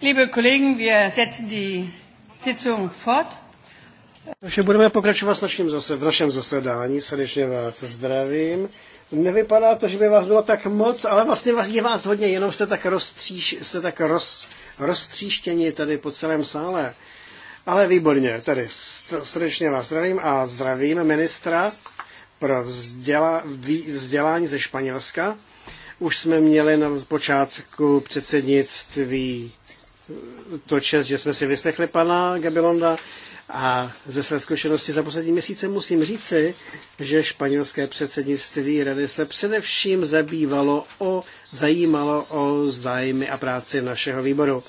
Liebe Kollegen, wir setzen die Sitzung fort. Takže budeme pokračovat s naším zase, v našem zasedání. Srdečně vás zdravím. Nevypadá to, že by vás bylo tak moc, ale vlastně vás, je vás hodně, jenom jste tak, roztříš, jste tak roz, roztříštěni tady po celém sále. Ale výborně, tady srdečně vás zdravím a zdravím ministra pro vzděla, vzdělání ze Španělska. Už jsme měli na počátku předsednictví tu čest, že jsme si vyslechli pana Gabilonda a ze své zkušenosti za poslední měsíce musím říci, že španělské předsednictví rady se především zabývalo o, zajímalo o zájmy a práci našeho výboru.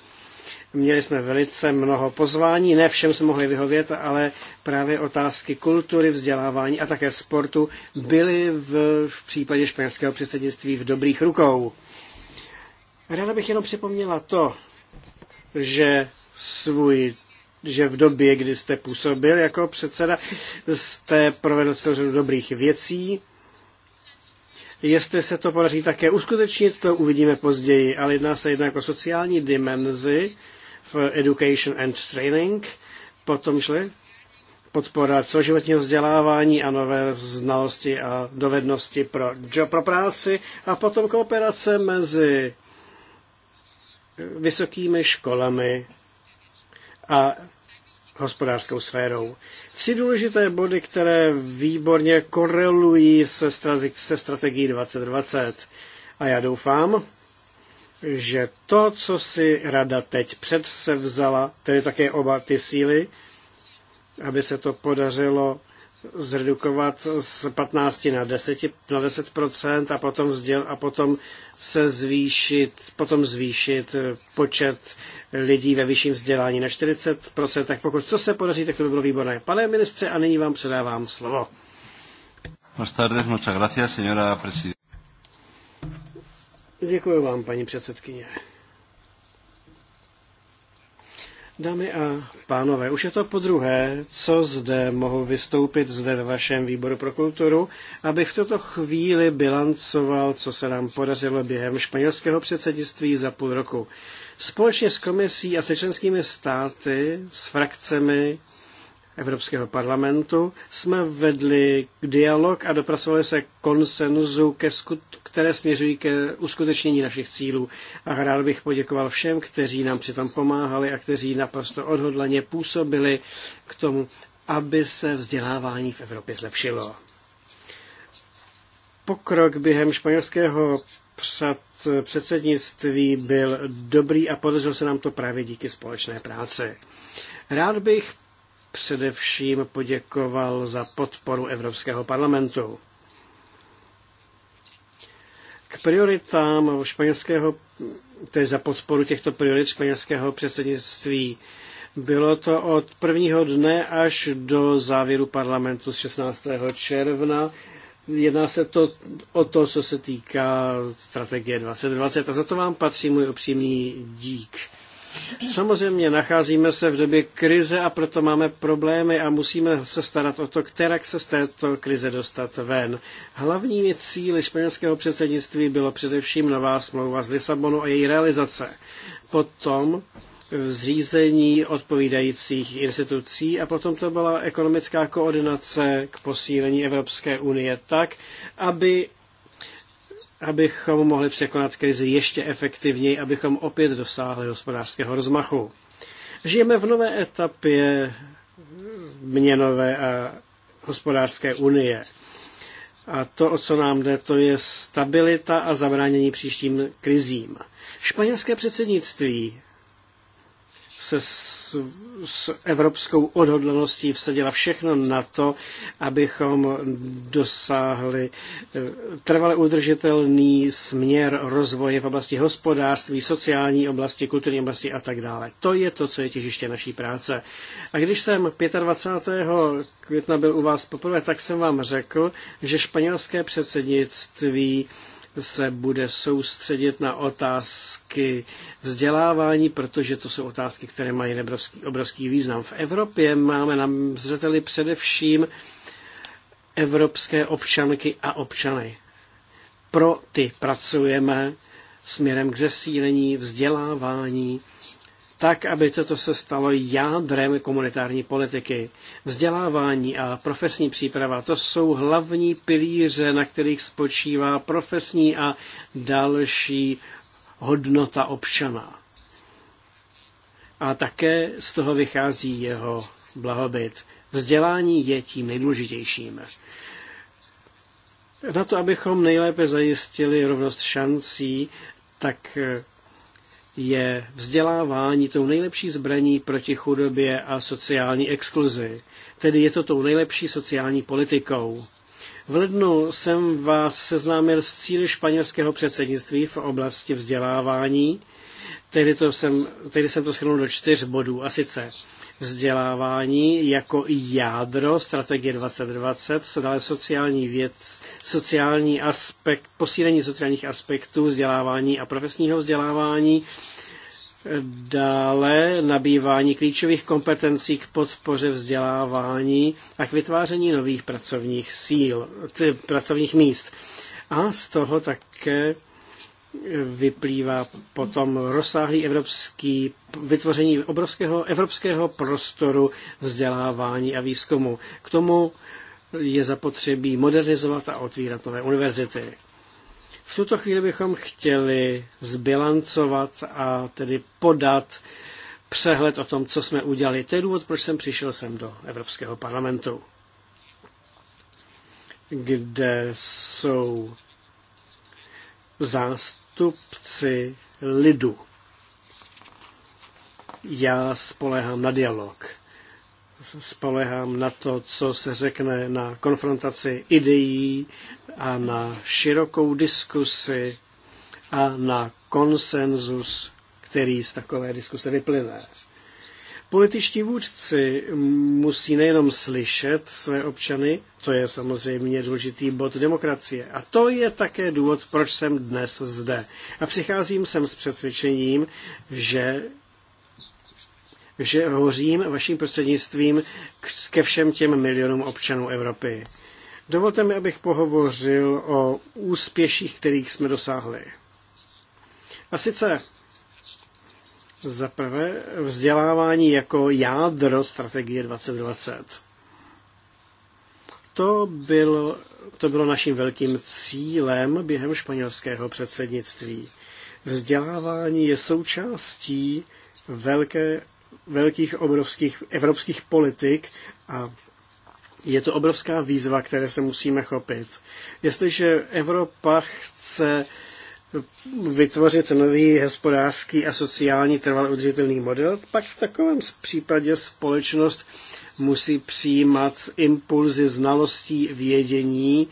Měli jsme velice mnoho pozvání, ne všem jsme mohli vyhovět, ale právě otázky kultury, vzdělávání a také sportu byly v, v případě španělského předsednictví v dobrých rukou. Ráda bych jenom připomněla to, že svůj že v době, kdy jste působil jako předseda, jste provedl celou řadu dobrých věcí. Jestli se to podaří také uskutečnit, to uvidíme později, ale jedná se jednak o sociální dimenzi v Education and Training, potom šli podpora celoživotního vzdělávání a nové znalosti a dovednosti pro, pro práci a potom kooperace mezi vysokými školami a hospodářskou sférou. Tři důležité body, které výborně korelují se, strate- se strategií 2020. A já doufám, že to, co si rada teď předsevzala, tedy také oba ty síly, aby se to podařilo zredukovat z 15 na 10, na 10 a potom, vzděl, a potom se zvýšit, potom zvýšit počet lidí ve vyšším vzdělání na 40 tak pokud to se podaří, tak to by bylo výborné. Pane ministře, a nyní vám předávám slovo. tardes, muchas gracias, señora Děkuji vám, paní předsedkyně. Dámy a pánové, už je to po druhé, co zde mohu vystoupit zde ve vašem výboru pro kulturu, abych v tuto chvíli bilancoval, co se nám podařilo během španělského předsednictví za půl roku. Společně s komisí a se členskými státy, s frakcemi, Evropského parlamentu jsme vedli dialog a dopracovali se konsenzu, ke skut- které směřují ke uskutečnění našich cílů. A rád bych poděkoval všem, kteří nám přitom pomáhali a kteří naprosto odhodlaně působili k tomu, aby se vzdělávání v Evropě zlepšilo. Pokrok během španělského před předsednictví byl dobrý a podařilo se nám to právě díky společné práci. Rád bych především poděkoval za podporu Evropského parlamentu. K prioritám španělského, tedy za podporu těchto priorit španělského předsednictví, bylo to od prvního dne až do závěru parlamentu z 16. června. Jedná se to o to, co se týká strategie 2020 a za to vám patří můj upřímný dík. Samozřejmě nacházíme se v době krize a proto máme problémy a musíme se starat o to, kterak se z této krize dostat ven. Hlavními cíly španělského předsednictví bylo především nová smlouva z Lisabonu a její realizace. Potom zřízení odpovídajících institucí a potom to byla ekonomická koordinace k posílení Evropské unie tak, aby abychom mohli překonat krizi ještě efektivněji, abychom opět dosáhli hospodářského rozmachu. Žijeme v nové etapě měnové a hospodářské unie. A to, o co nám jde, to je stabilita a zabránění příštím krizím. Španělské předsednictví se s, s evropskou odhodlaností vsadila všechno na to, abychom dosáhli eh, trvale udržitelný směr rozvoje v oblasti hospodářství, sociální oblasti, kulturní oblasti a tak dále. To je to, co je těžiště naší práce. A když jsem 25. května byl u vás poprvé, tak jsem vám řekl, že španělské předsednictví se bude soustředit na otázky vzdělávání, protože to jsou otázky, které mají obrovský, obrovský význam. V Evropě máme na zřeteli především evropské občanky a občany. Pro ty pracujeme směrem k zesílení vzdělávání tak, aby toto se stalo jádrem komunitární politiky. Vzdělávání a profesní příprava, to jsou hlavní pilíře, na kterých spočívá profesní a další hodnota občana. A také z toho vychází jeho blahobyt. Vzdělání je tím nejdůležitějším. Na to, abychom nejlépe zajistili rovnost šancí, tak eh, je vzdělávání tou nejlepší zbraní proti chudobě a sociální exkluzi. Tedy je to tou nejlepší sociální politikou. V lednu jsem vás seznámil s cíly španělského předsednictví v oblasti vzdělávání Tehdy, to jsem, tehdy jsem to schrnul do čtyř bodů, a sice vzdělávání jako jádro strategie 2020, co dále sociální věc, sociální aspekt, posílení sociálních aspektů vzdělávání a profesního vzdělávání, dále nabývání klíčových kompetencí k podpoře vzdělávání a k vytváření nových pracovních síl, pracovních míst. A z toho také vyplývá potom rozsáhlý evropský, vytvoření obrovského evropského prostoru vzdělávání a výzkumu. K tomu je zapotřebí modernizovat a otvírat nové univerzity. V tuto chvíli bychom chtěli zbilancovat a tedy podat přehled o tom, co jsme udělali. To je důvod, proč jsem přišel sem do Evropského parlamentu, kde jsou zástupci lidu. Já spolehám na dialog. Spolehám na to, co se řekne na konfrontaci ideí a na širokou diskusi a na konsenzus, který z takové diskuse vyplyne. Političtí vůdci musí nejenom slyšet své občany, to je samozřejmě důležitý bod demokracie. A to je také důvod, proč jsem dnes zde. A přicházím sem s přesvědčením, že že hovořím vaším prostřednictvím ke všem těm milionům občanů Evropy. Dovolte mi, abych pohovořil o úspěších, kterých jsme dosáhli. A sice za prvé vzdělávání jako jádro strategie 2020. To bylo, to bylo naším velkým cílem během španělského předsednictví. Vzdělávání je součástí velké, velkých obrovských evropských politik a je to obrovská výzva, které se musíme chopit. Jestliže Evropa chce vytvořit nový hospodářský a sociální trvalý udržitelný model, pak v takovém případě společnost musí přijímat impulzy znalostí vědění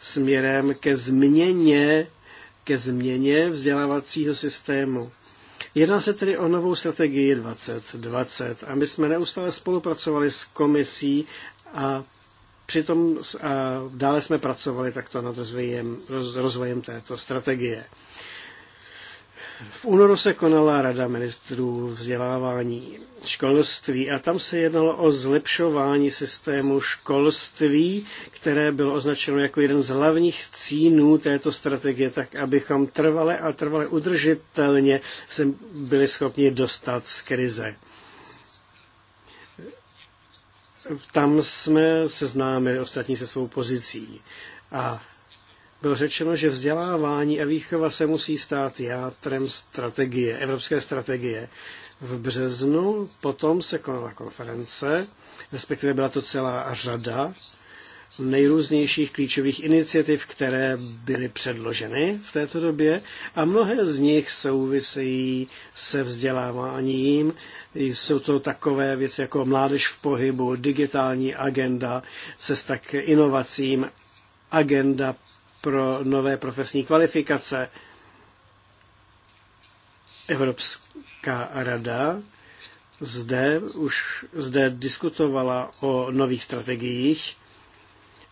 směrem ke změně, ke změně vzdělávacího systému. Jedná se tedy o novou strategii 2020 a my jsme neustále spolupracovali s komisí a Přitom a dále jsme pracovali takto nad rozvojem, roz, rozvojem této strategie. V únoru se konala Rada ministrů vzdělávání školství a tam se jednalo o zlepšování systému školství, které bylo označeno jako jeden z hlavních cínů této strategie, tak abychom trvale a trvale udržitelně byli schopni dostat z krize tam jsme seznámili ostatní se svou pozicí. A bylo řečeno, že vzdělávání a výchova se musí stát játrem strategie, evropské strategie. V březnu potom se konala konference, respektive byla to celá řada nejrůznějších klíčových iniciativ, které byly předloženy v této době a mnohé z nich souvisejí se vzděláváním. Jsou to takové věci jako mládež v pohybu, digitální agenda, cesta k inovacím, agenda pro nové profesní kvalifikace. Evropská rada zde už zde diskutovala o nových strategiích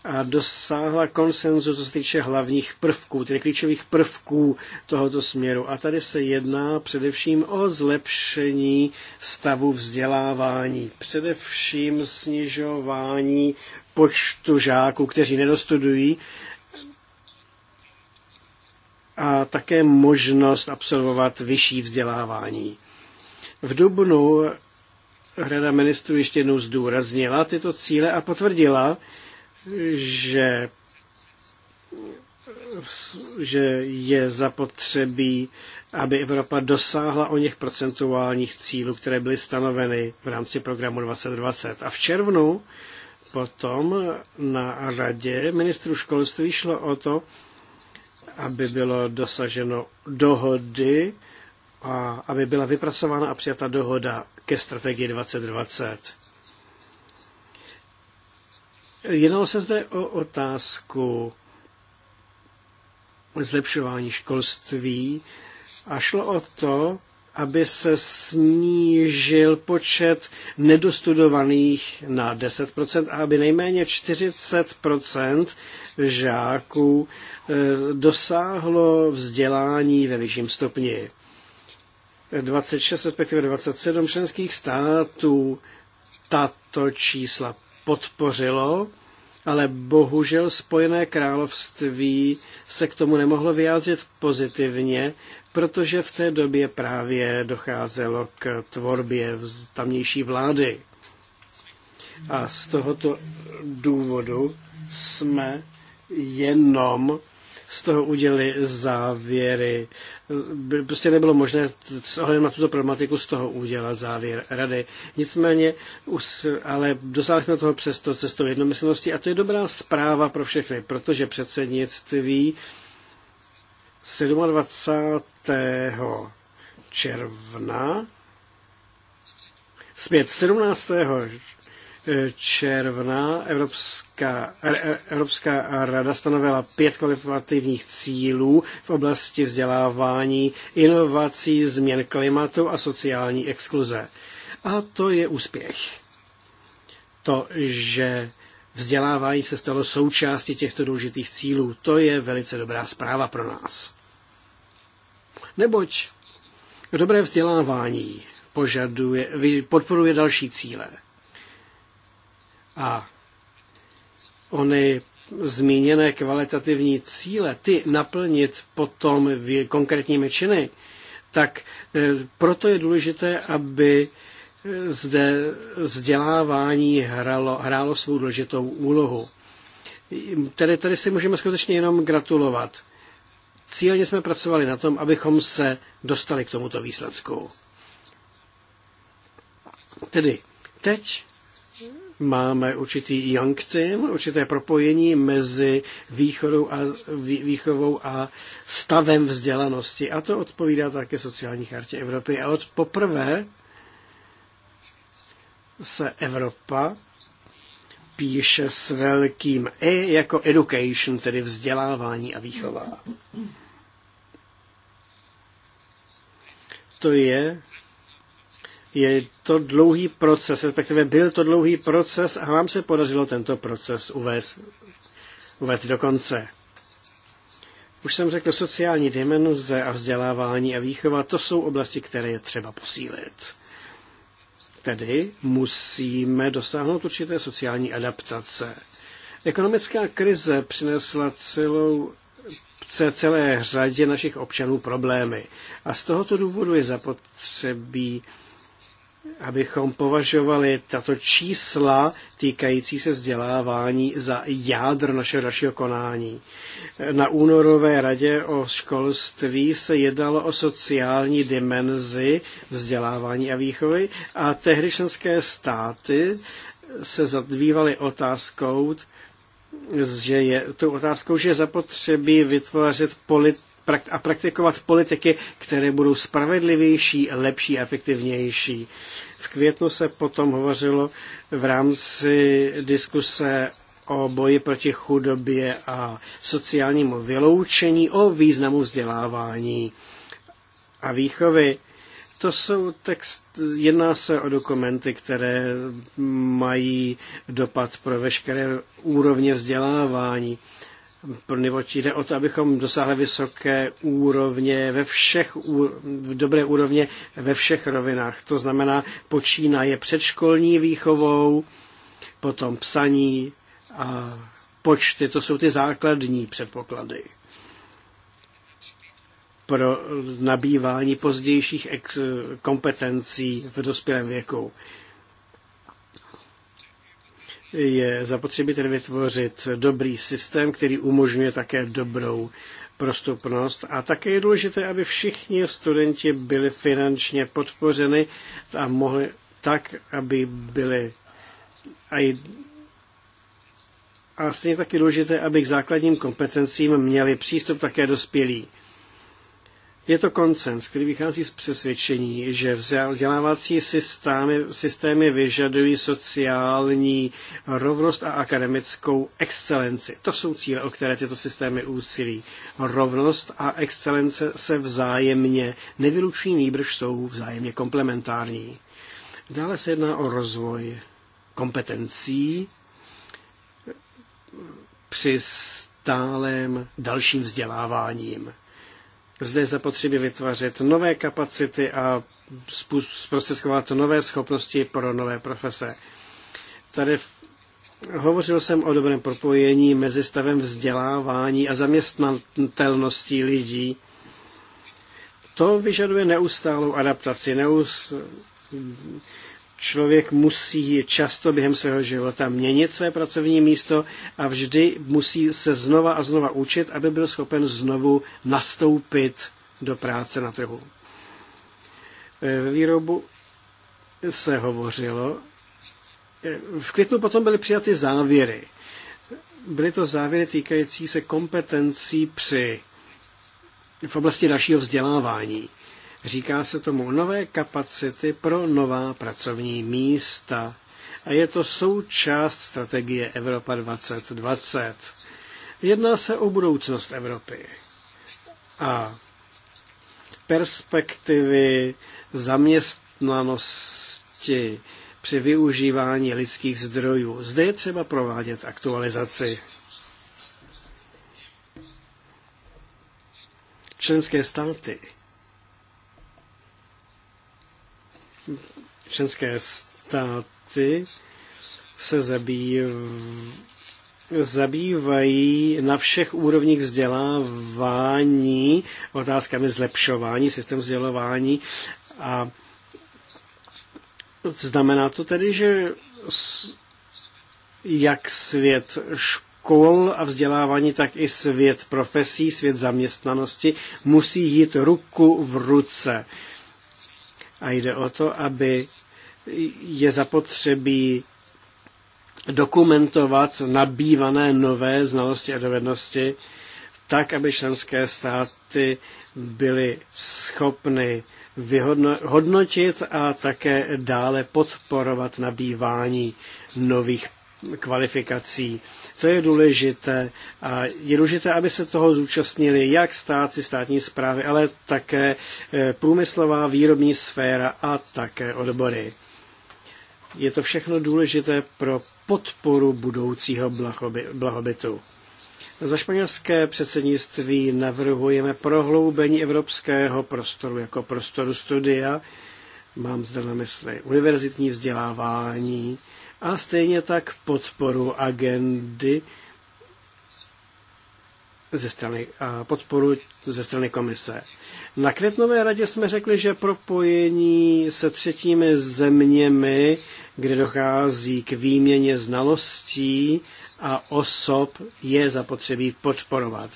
a dosáhla konsenzu, co se týče hlavních prvků, tedy klíčových prvků tohoto směru. A tady se jedná především o zlepšení stavu vzdělávání, především snižování počtu žáků, kteří nedostudují, a také možnost absolvovat vyšší vzdělávání. V Dubnu Hrada ministrů ještě jednou zdůraznila tyto cíle a potvrdila, že že je zapotřebí, aby Evropa dosáhla o něch procentuálních cílů, které byly stanoveny v rámci programu 2020. A v červnu potom na radě ministru školství šlo o to, aby bylo dosaženo dohody a aby byla vypracována a přijata dohoda ke strategii 2020. Jednalo se zde o otázku zlepšování školství a šlo o to, aby se snížil počet nedostudovaných na 10% a aby nejméně 40% žáků eh, dosáhlo vzdělání ve vyšším stupni. 26, respektive 27 členských států tato čísla podpořilo, ale bohužel Spojené království se k tomu nemohlo vyjádřit pozitivně, protože v té době právě docházelo k tvorbě tamnější vlády. A z tohoto důvodu jsme jenom z toho udělali závěry. Prostě nebylo možné s ohledem na tuto problematiku z toho udělat závěr rady. Nicméně, ale dosáhli jsme toho přesto cestou jednomyslnosti a to je dobrá zpráva pro všechny, protože předsednictví 27. června zpět 17 června Evropská, eh, eh, Evropská rada stanovila pět kvalitativních cílů v oblasti vzdělávání, inovací, změn klimatu a sociální exkluze. A to je úspěch. To, že vzdělávání se stalo součástí těchto důležitých cílů, to je velice dobrá zpráva pro nás. Neboť dobré vzdělávání požaduje, podporuje další cíle – a ony zmíněné kvalitativní cíle, ty naplnit potom konkrétními činy, tak e, proto je důležité, aby e, zde vzdělávání hralo, hrálo svou důležitou úlohu. Tady, tady si můžeme skutečně jenom gratulovat. Cíleně jsme pracovali na tom, abychom se dostali k tomuto výsledku. Tedy teď máme určitý team, určité propojení mezi výchovou a, výchovou a stavem vzdělanosti. A to odpovídá také sociální chartě Evropy. A od poprvé se Evropa píše s velkým E jako education, tedy vzdělávání a výchova. To je je to dlouhý proces, respektive byl to dlouhý proces a vám se podařilo tento proces uvést, uvést do konce. Už jsem řekl, sociální dimenze a vzdělávání a výchova, to jsou oblasti, které je třeba posílit. Tedy musíme dosáhnout určité sociální adaptace. Ekonomická krize přinesla celou celé řadě našich občanů problémy. A z tohoto důvodu je zapotřebí abychom považovali tato čísla týkající se vzdělávání za jádr našeho dalšího konání. Na únorové radě o školství se jednalo o sociální dimenzi vzdělávání a výchovy a tehdy členské státy se zabývaly otázkou, že je tu otázkou, že je zapotřebí vytvářet politiku a praktikovat politiky, které budou spravedlivější, lepší a efektivnější. V květnu se potom hovořilo v rámci diskuse o boji proti chudobě a sociálnímu vyloučení, o významu vzdělávání a výchovy. To jsou text, jedná se o dokumenty, které mají dopad pro veškeré úrovně vzdělávání neboť jde o to, abychom dosáhli vysoké úrovně ve všech, v dobré úrovně ve všech rovinách. To znamená, počínaje předškolní výchovou, potom psaní a počty, to jsou ty základní předpoklady pro nabývání pozdějších kompetencí v dospělém věku je zapotřebí tedy vytvořit dobrý systém, který umožňuje také dobrou prostupnost. A také je důležité, aby všichni studenti byli finančně podpořeni a mohli tak, aby byli aj a stejně taky důležité, aby k základním kompetencím měli přístup také dospělí. Je to koncens, který vychází z přesvědčení, že vzdělávací systémy, systémy vyžadují sociální rovnost a akademickou excelenci. To jsou cíle, o které tyto systémy úsilí. Rovnost a excelence se vzájemně nevylučují, nýbrž jsou vzájemně komplementární. Dále se jedná o rozvoj kompetencí při stálem dalším vzděláváním zde je zapotřebí vytvářet nové kapacity a zprostředkovat nové schopnosti pro nové profese. Tady hovořil jsem o dobrém propojení mezi stavem vzdělávání a zaměstnatelností lidí. To vyžaduje neustálou adaptaci, neus, člověk musí často během svého života měnit své pracovní místo a vždy musí se znova a znova učit, aby byl schopen znovu nastoupit do práce na trhu. V e, výrobu se hovořilo. E, v květnu potom byly přijaty závěry. Byly to závěry týkající se kompetencí při v oblasti dalšího vzdělávání. Říká se tomu nové kapacity pro nová pracovní místa. A je to součást strategie Evropa 2020. Jedná se o budoucnost Evropy a perspektivy zaměstnanosti při využívání lidských zdrojů. Zde je třeba provádět aktualizaci. Členské státy členské státy se zabýv, zabývají na všech úrovních vzdělávání otázkami zlepšování systém vzdělávání a znamená to tedy, že jak svět škol a vzdělávání, tak i svět profesí, svět zaměstnanosti musí jít ruku v ruce a jde o to, aby je zapotřebí dokumentovat nabývané nové znalosti a dovednosti tak, aby členské státy byly schopny vyhodnotit a také dále podporovat nabývání nových kvalifikací to je důležité a je důležité, aby se toho zúčastnili jak státy, státní zprávy, ale také eh, průmyslová výrobní sféra a také odbory. Je to všechno důležité pro podporu budoucího blahobytu. Za španělské předsednictví navrhujeme prohloubení evropského prostoru jako prostoru studia. Mám zde na mysli univerzitní vzdělávání, a stejně tak podporu agendy ze strany, a podporu ze strany komise. Na květnové radě jsme řekli, že propojení se třetími zeměmi, kde dochází k výměně znalostí a osob, je zapotřebí podporovat.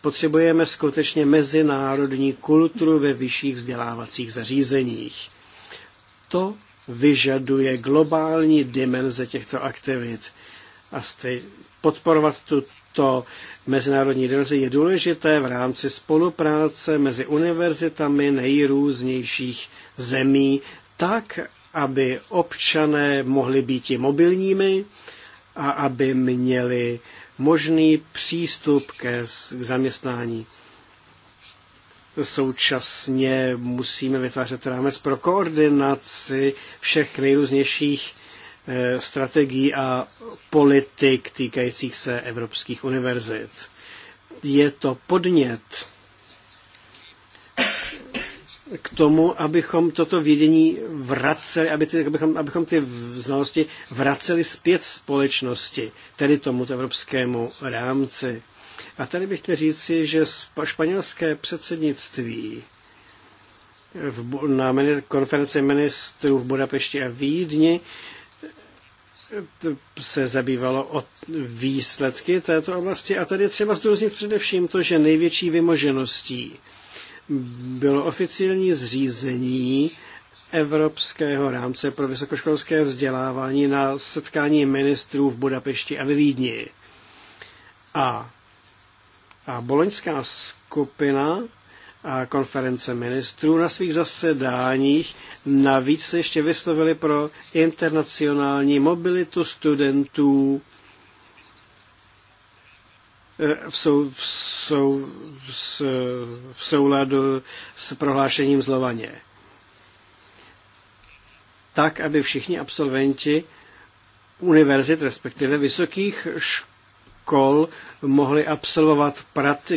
Potřebujeme skutečně mezinárodní kulturu ve vyšších vzdělávacích zařízeních. To vyžaduje globální dimenze těchto aktivit. A stej, podporovat tuto mezinárodní dimenzi je důležité v rámci spolupráce mezi univerzitami nejrůznějších zemí, tak, aby občané mohli být i mobilními a aby měli možný přístup ke zaměstnání. Současně musíme vytvářet rámec pro koordinaci všech nejrůznějších eh, strategií a politik týkajících se evropských univerzit. Je to podnět k tomu, abychom toto vědění vraceli, aby ty, abychom, abychom ty znalosti vraceli zpět společnosti, tedy tomuto evropskému rámci. A tady bych chtěl říci, že španělské předsednictví v, na konferenci ministrů v Budapešti a Vídni se zabývalo o výsledky této oblasti a tady je třeba zdůraznit především to, že největší vymožeností bylo oficiální zřízení Evropského rámce pro vysokoškolské vzdělávání na setkání ministrů v Budapešti a ve Vídni. A a Boloňská skupina a konference ministrů na svých zasedáních navíc se ještě vyslovili pro internacionální mobilitu studentů e, v, sou, v, sou, v souladu s prohlášením zlovaně. Tak, aby všichni absolventi univerzit, respektive vysokých škol, škol mohli absolvovat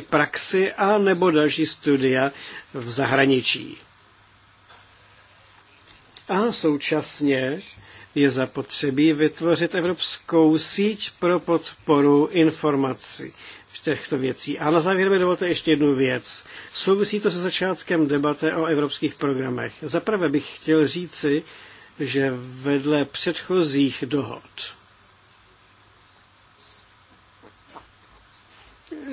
praxi a nebo další studia v zahraničí. A současně je zapotřebí vytvořit evropskou síť pro podporu informací v těchto věcí. A na závěr mi dovolte ještě jednu věc. Souvisí to se začátkem debate o evropských programech. Zaprvé bych chtěl říci, že vedle předchozích dohod,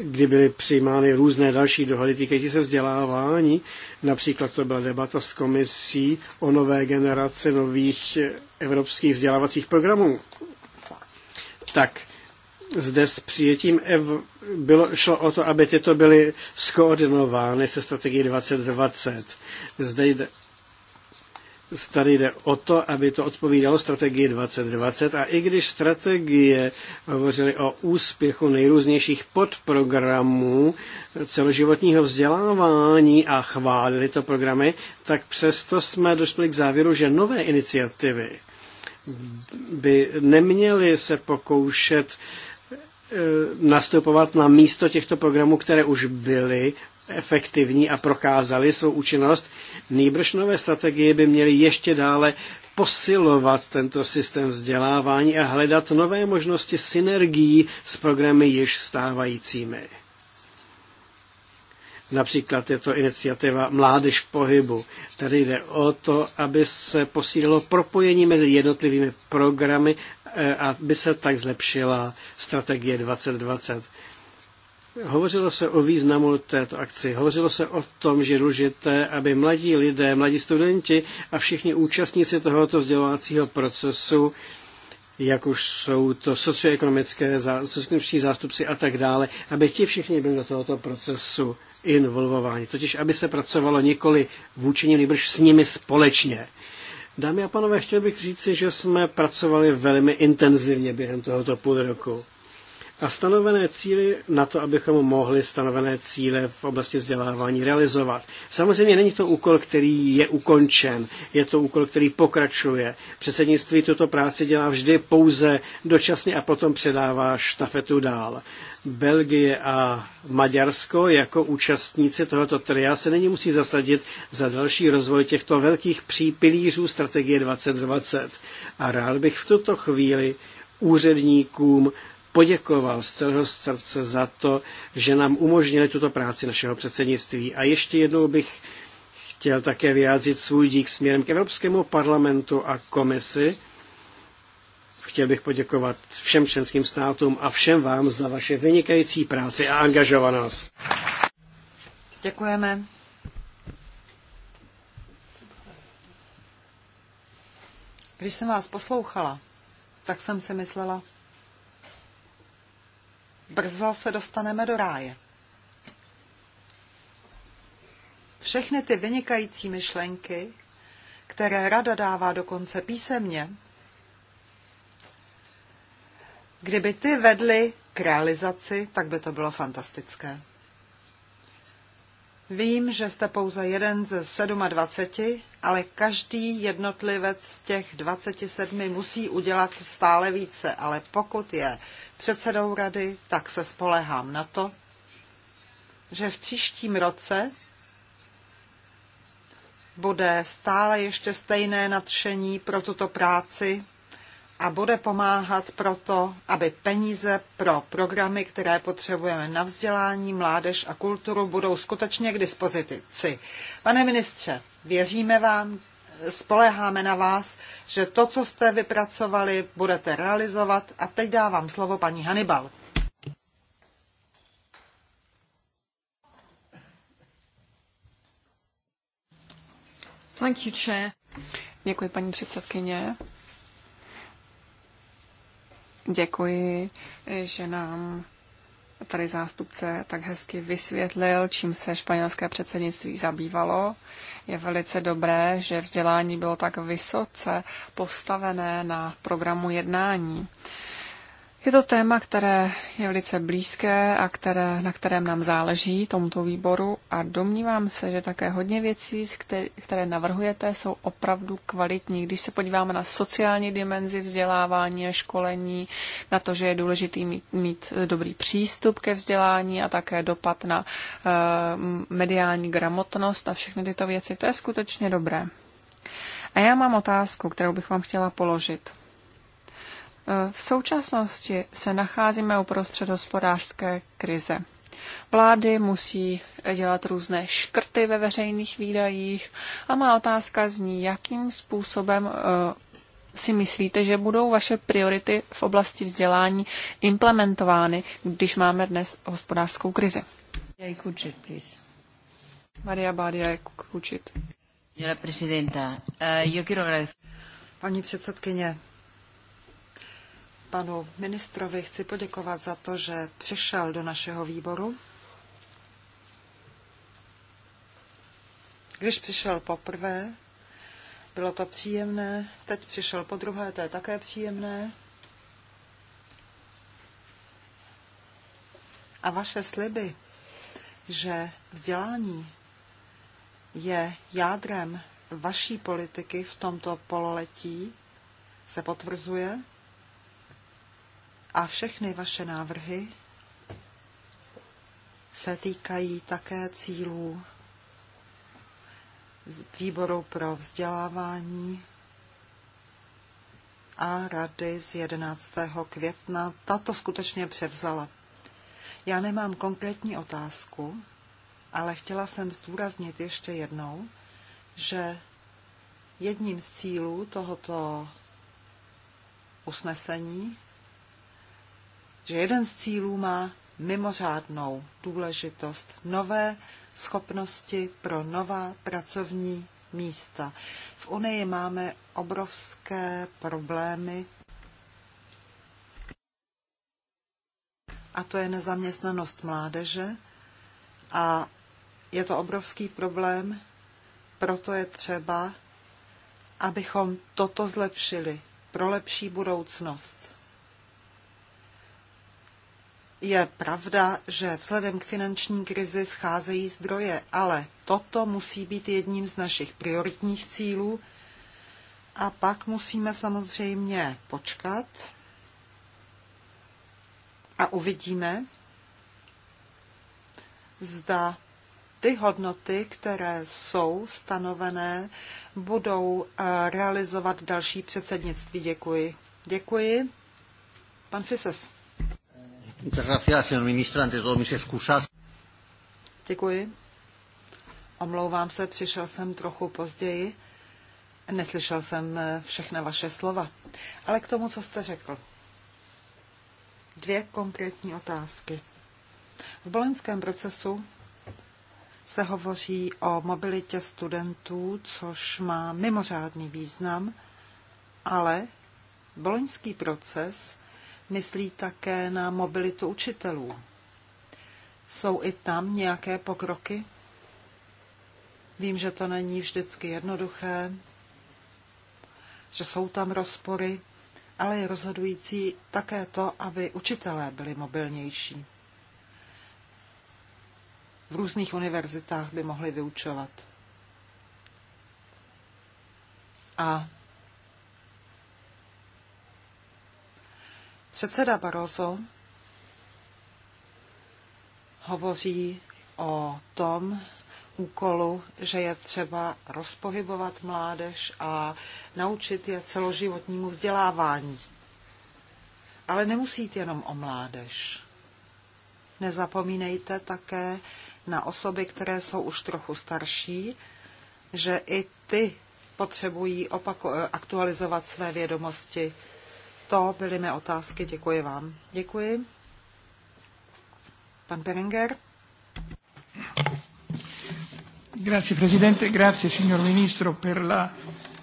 kdy byly přijímány různé další dohody týkající se vzdělávání. Například to byla debata s komisí o nové generaci nových evropských vzdělávacích programů. Tak zde s přijetím ev- bylo, šlo o to, aby tyto byly skoordinovány se strategií 2020. Zde jde tady jde o to, aby to odpovídalo strategii 2020 a i když strategie hovořily o úspěchu nejrůznějších podprogramů celoživotního vzdělávání a chválili to programy, tak přesto jsme došli k závěru, že nové iniciativy by neměly se pokoušet Eh, nastupovat na místo těchto programů, které už byly efektivní a prokázaly svou účinnost. Nýbrž nové strategie by měly ještě dále posilovat tento systém vzdělávání a hledat nové možnosti synergií s programy již stávajícími. Například je to iniciativa Mládež v pohybu. Tady jde o to, aby se posílilo propojení mezi jednotlivými programy Eh, aby se tak zlepšila strategie 2020. Hovořilo se o významu této akci, hovořilo se o tom, že je důležité, aby mladí lidé, mladí studenti a všichni účastníci tohoto vzdělávacího procesu, jak už jsou to socioekonomické socioekonomičtí zástupci a tak dále, aby ti všichni byli do tohoto procesu involvováni. Totiž, aby se pracovalo nikoli vůči nim, s nimi společně. Dámy a pánové, chtěl bych říci, že jsme pracovali velmi intenzivně během tohoto půl roku a stanovené cíly na to, abychom mohli stanovené cíle v oblasti vzdělávání realizovat. Samozřejmě není to úkol, který je ukončen, je to úkol, který pokračuje. Předsednictví tuto práci dělá vždy pouze dočasně a potom předává štafetu dál. Belgie a Maďarsko jako účastníci tohoto tria se není musí zasadit za další rozvoj těchto velkých přípilířů strategie 2020. A rád bych v tuto chvíli úředníkům poděkoval z celého srdce za to, že nám umožnili tuto práci našeho předsednictví. A ještě jednou bych chtěl také vyjádřit svůj dík směrem k Evropskému parlamentu a komisi. Chtěl bych poděkovat všem členským státům a všem vám za vaše vynikající práci a angažovanost. Děkujeme. Když jsem vás poslouchala, tak jsem si myslela, brzo se dostaneme do ráje. Všechny ty vynikající myšlenky, které rada dává dokonce písemně, kdyby ty vedly k realizaci, tak by to bylo fantastické. Vím, že jste pouze jeden ze 27, ale každý jednotlivec z těch 27 musí udělat stále více, ale pokud je předsedou rady, tak se spolehám na to, že v příštím roce bude stále ještě stejné nadšení pro tuto práci a bude pomáhat proto, aby peníze pro programy, které potřebujeme na vzdělání, mládež a kulturu, budou skutečně k dispozici. Pane ministře, věříme vám, spoleháme na vás, že to, co jste vypracovali, budete realizovat. A teď dávám slovo paní Hannibal. Thank you, chair. Děkuji, paní předsedkyně. Děkuji, že nám tady zástupce tak hezky vysvětlil, čím se španělské předsednictví zabývalo. Je velice dobré, že vzdělání bylo tak vysoce postavené na programu jednání. Je to téma, které je velice blízké a které, na kterém nám záleží, tomuto výboru, a domnívám se, že také hodně věcí, které navrhujete, jsou opravdu kvalitní. Když se podíváme na sociální dimenzi vzdělávání a školení, na to, že je důležitý mít, mít dobrý přístup ke vzdělání a také dopad na uh, mediální gramotnost a všechny tyto věci, to je skutečně dobré. A já mám otázku, kterou bych vám chtěla položit. V současnosti se nacházíme uprostřed hospodářské krize. Vlády musí dělat různé škrty ve veřejných výdajích a má otázka zní, jakým způsobem eh, si myslíte, že budou vaše priority v oblasti vzdělání implementovány, když máme dnes hospodářskou krizi? Maria Bádia je Maria Kučit. Eh, Paní předsedkyně, panu ministrovi chci poděkovat za to, že přišel do našeho výboru. Když přišel poprvé, bylo to příjemné. Teď přišel po druhé, to je také příjemné. A vaše sliby, že vzdělání je jádrem vaší politiky v tomto pololetí, se potvrzuje. A všechny vaše návrhy se týkají také cílů výboru pro vzdělávání a rady z 11. května. Tato skutečně převzala. Já nemám konkrétní otázku, ale chtěla jsem zdůraznit ještě jednou, že jedním z cílů tohoto usnesení že jeden z cílů má mimořádnou důležitost nové schopnosti pro nová pracovní místa. V Unii máme obrovské problémy a to je nezaměstnanost mládeže a je to obrovský problém, proto je třeba, abychom toto zlepšili pro lepší budoucnost. Je pravda, že vzhledem k finanční krizi scházejí zdroje, ale toto musí být jedním z našich prioritních cílů. A pak musíme samozřejmě počkat a uvidíme, zda ty hodnoty, které jsou stanovené, budou eh, realizovat další předsednictví. Děkuji. Děkuji. Pan Fises. Děkuji. Omlouvám se, přišel jsem trochu později. Neslyšel jsem eh, všechna vaše slova. Ale k tomu, co jste řekl. Dvě konkrétní otázky. V boloňském procesu se hovoří o mobilitě studentů, což má mimořádný význam, ale boloňský proces myslí také na mobilitu učitelů. Jsou i tam nějaké pokroky? Vím, že to není vždycky jednoduché, že jsou tam rozpory, ale je rozhodující také to, aby učitelé byli mobilnější. V různých univerzitách by mohli vyučovat. A Předseda Barroso hovoří o tom úkolu, že je třeba rozpohybovat mládež a naučit je celoživotnímu vzdělávání. Ale nemusí jít jenom o mládež. Nezapomínejte také na osoby, které jsou už trochu starší, že i ty potřebují opako- aktualizovat své vědomosti to byly mé otázky. Děkuji vám. Děkuji. Pan Berenger. Grazie Presidente, grazie signor Ministro per la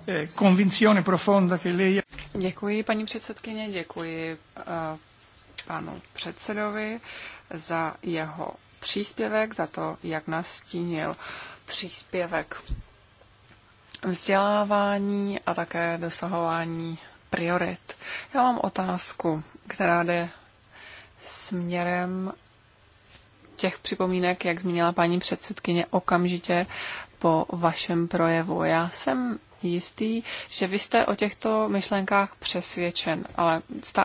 eh, convinzione profonda che lei... Děkuji paní předsedkyně, děkuji uh, panu předsedovi za jeho příspěvek, za to, jak nastínil příspěvek vzdělávání a také dosahování priorit. Já mám otázku, která jde směrem těch připomínek, jak zmínila paní předsedkyně, okamžitě po vašem projevu. Já jsem jistý, že vy jste o těchto myšlenkách přesvědčen, ale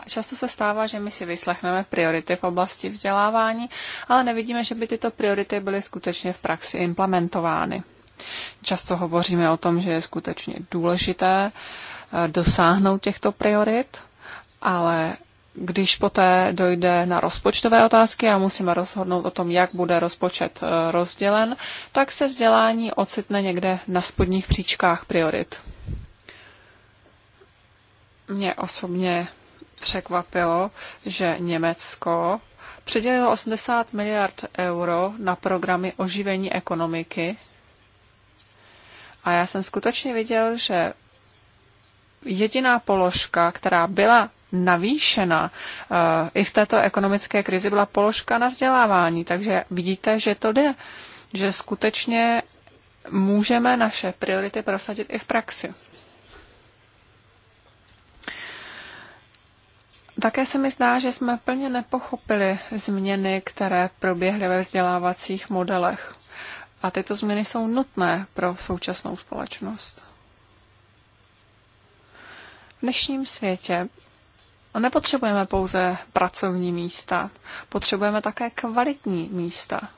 často se stává, že my si vyslechneme priority v oblasti vzdělávání, ale nevidíme, že by tyto priority byly skutečně v praxi implementovány. Často hovoříme o tom, že je skutečně důležité uh, dosáhnout těchto priorit, ale když poté dojde na rozpočtové otázky a musíme rozhodnout o tom, jak bude rozpočet eh, rozdělen, tak se vzdělání ocitne někde na spodních příčkách priorit. Mě osobně překvapilo, že Německo přidělilo 80 miliard euro na programy oživení ekonomiky. A já jsem skutečně viděl, že jediná položka, která byla navýšena eh, i v této ekonomické krizi, byla položka na vzdělávání. Takže vidíte, že to jde, že skutečně můžeme naše priority prosadit i v praxi. Také se mi zdá, že jsme plně nepochopili změny, které proběhly ve vzdělávacích modelech. A tyto změny jsou nutné pro současnou společnost. V dnešním světě nepotřebujeme pouze pracovní místa, potřebujeme také kvalitní místa.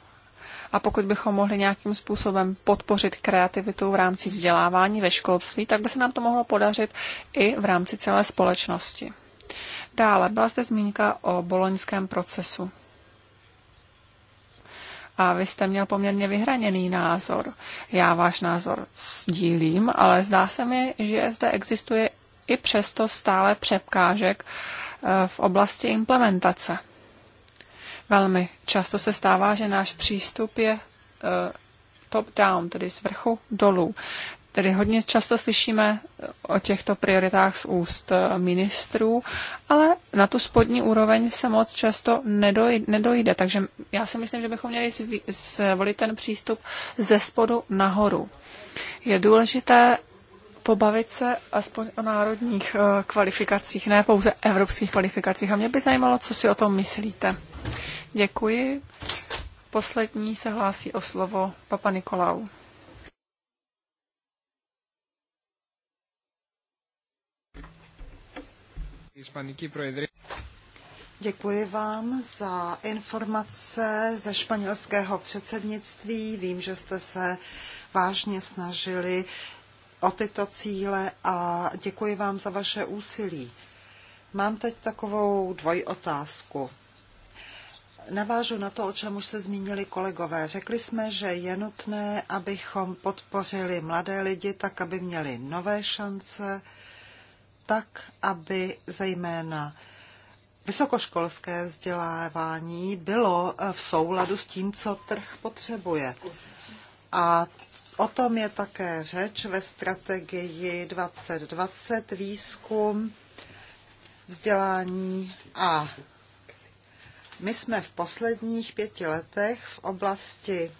A pokud bychom mohli nějakým způsobem podpořit kreativitu v rámci vzdělávání ve školství, tak by se nám to mohlo podařit i v rámci celé společnosti. Dále byla zde zmínka o boloňském procesu. A vy jste měl poměrně vyhraněný názor. Já váš názor sdílím, ale zdá se mi, že zde existuje i přesto stále přepkážek eh, v oblasti implementace. Velmi často se stává, že náš přístup je eh, top-down, tedy z vrchu dolů. Tedy hodně často slyšíme eh, o těchto prioritách z úst ministrů, ale na tu spodní úroveň se moc často nedojde. nedojde. Takže já si myslím, že bychom měli zvolit ten přístup ze spodu nahoru. Je důležité pobavit se aspoň o národních eh, kvalifikacích, ne pouze evropských kvalifikacích. A mě by zajímalo, co si o tom myslíte. Děkuji. Poslední se hlásí o slovo Papa Nikolau. Děkuji vám za informace ze španělského předsednictví. Vím, že jste se vážně snažili o tyto cíle a děkuji vám za vaše úsilí. Mám teď takovou dvoj otázku. Navážu na to, o čem už se zmínili kolegové. Řekli jsme, že je nutné, abychom podpořili mladé lidi tak, aby měli nové šance, tak, aby zejména vysokoškolské vzdělávání bylo v souladu s tím, co trh potřebuje. A O tom je také řeč ve strategii 2020 výzkum, vzdělání a my jsme v posledních pěti letech v oblasti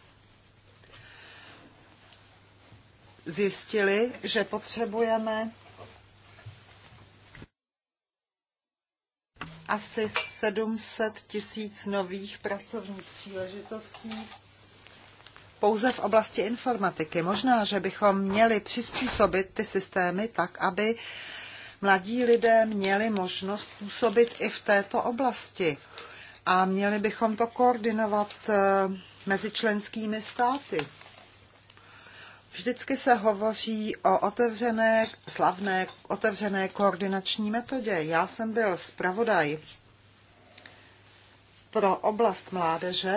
zjistili, že potřebujeme asi 700 tisíc nových pracovních příležitostí pouze v oblasti informatiky. Možná, že bychom měli přizpůsobit ty systémy tak, aby mladí lidé měli možnost působit i v této oblasti. A měli bychom to koordinovat eh, mezi členskými státy. Vždycky se hovoří o otevřené, slavné, otevřené koordinační metodě. Já jsem byl zpravodaj pro oblast mládeže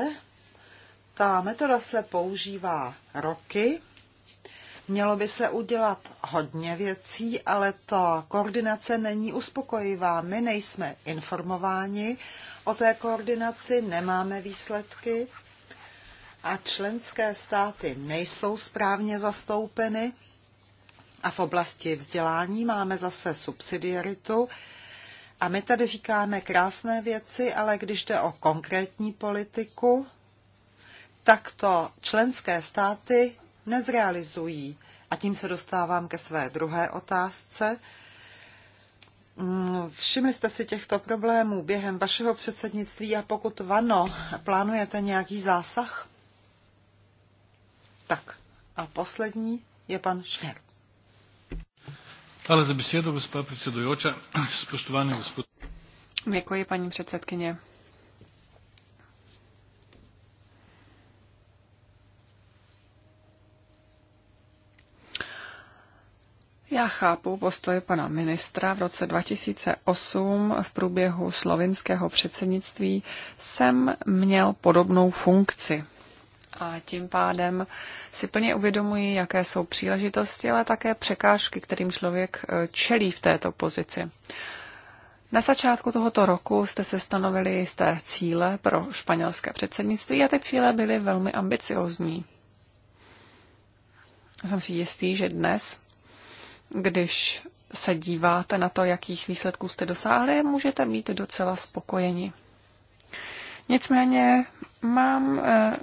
ta metoda se používá roky. Mělo by se udělat hodně věcí, ale ta koordinace není uspokojivá. My nejsme informováni o té koordinaci, nemáme výsledky a členské státy nejsou správně zastoupeny. A v oblasti vzdělání máme zase subsidiaritu. A my tady říkáme krásné věci, ale když jde o konkrétní politiku, tak to členské státy nezrealizují. A tím se dostávám ke své druhé otázce. Mm, všimli jste si těchto problémů během vašeho předsednictví a pokud vano, plánujete nějaký zásah? Tak a poslední je pan Šmer. Ale za besedu, gospod předsedujoča, spoštovaný gospod. Děkuji, paní předsedkyně. Já chápu postoj pana ministra. V roce 2008 v průběhu slovinského předsednictví jsem měl podobnou funkci. A tím pádem si plně uvědomuji, jaké jsou příležitosti, ale také překážky, kterým člověk e, čelí v této pozici. Na začátku tohoto roku jste se stanovili jisté cíle pro španělské předsednictví a ty cíle byly velmi ambiciozní. Jsem si jistý, že dnes když se díváte na to, jakých výsledků jste dosáhli, můžete být docela spokojeni. Nicméně mám eh,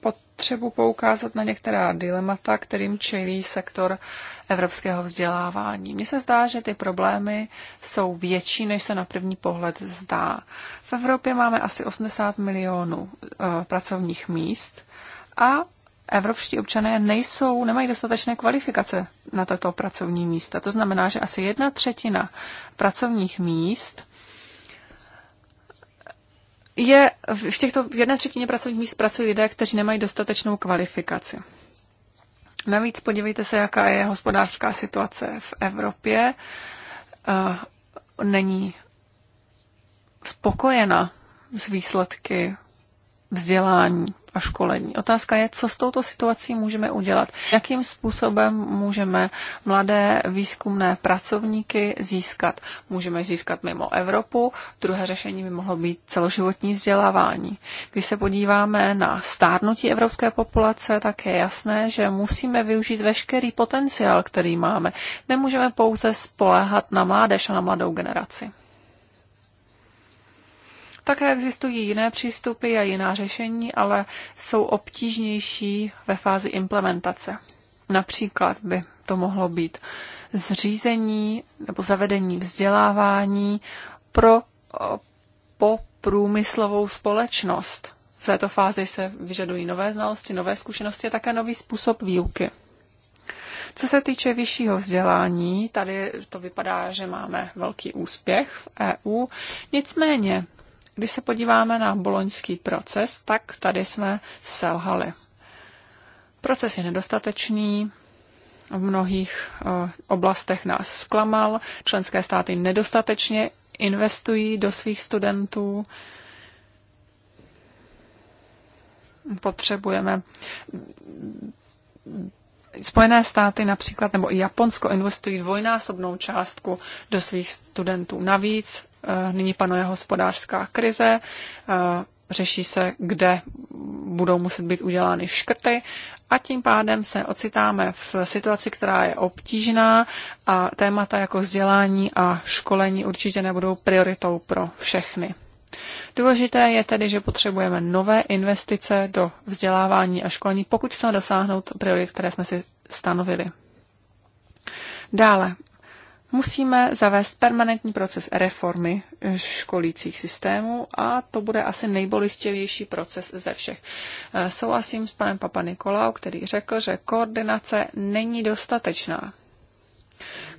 potřebu poukázat na některá dilemata, kterým čelí sektor evropského vzdělávání. Mně se zdá, že ty problémy jsou větší, než se na první pohled zdá. V Evropě máme asi 80 milionů eh, pracovních míst a evropští občané nejsou, nemají dostatečné kvalifikace na tato pracovní místa. To znamená, že asi jedna třetina pracovních míst je v těchto v jedné třetině pracovních míst pracují lidé, kteří nemají dostatečnou kvalifikaci. Navíc podívejte se, jaká je hospodářská situace v Evropě. Není spokojena s výsledky vzdělání a školení. Otázka je, co s touto situací můžeme udělat. Jakým způsobem můžeme mladé výzkumné pracovníky získat? Můžeme získat mimo Evropu, druhé řešení by mohlo být celoživotní vzdělávání. Když se podíváme na stárnutí evropské populace, tak je jasné, že musíme využít veškerý potenciál, který máme. Nemůžeme pouze spoléhat na mládež a na mladou generaci. Také existují jiné přístupy a jiná řešení, ale jsou obtížnější ve fázi implementace. Například by to mohlo být zřízení nebo zavedení vzdělávání pro po průmyslovou společnost. V této fázi se vyžadují nové znalosti, nové zkušenosti a také nový způsob výuky. Co se týče vyššího vzdělání, tady to vypadá, že máme velký úspěch v EU. Nicméně když se podíváme na boloňský proces, tak tady jsme selhali. Proces je nedostatečný, v mnohých eh, oblastech nás zklamal, členské státy nedostatečně investují do svých studentů. Potřebujeme Spojené státy například nebo i Japonsko investují dvojnásobnou částku do svých studentů. Navíc Eh, nyní panuje hospodářská krize, eh, řeší se, kde budou muset být udělány škrty a tím pádem se ocitáme v situaci, která je obtížná a témata jako vzdělání a školení určitě nebudou prioritou pro všechny. Důležité je tedy, že potřebujeme nové investice do vzdělávání a školení, pokud chceme dosáhnout priorit, které jsme si stanovili. Dále, Musíme zavést permanentní proces reformy eh, školících systémů a to bude asi nejbolistivější proces ze všech. Eh, souhlasím s panem Papa Nikolau, který řekl, že koordinace není dostatečná.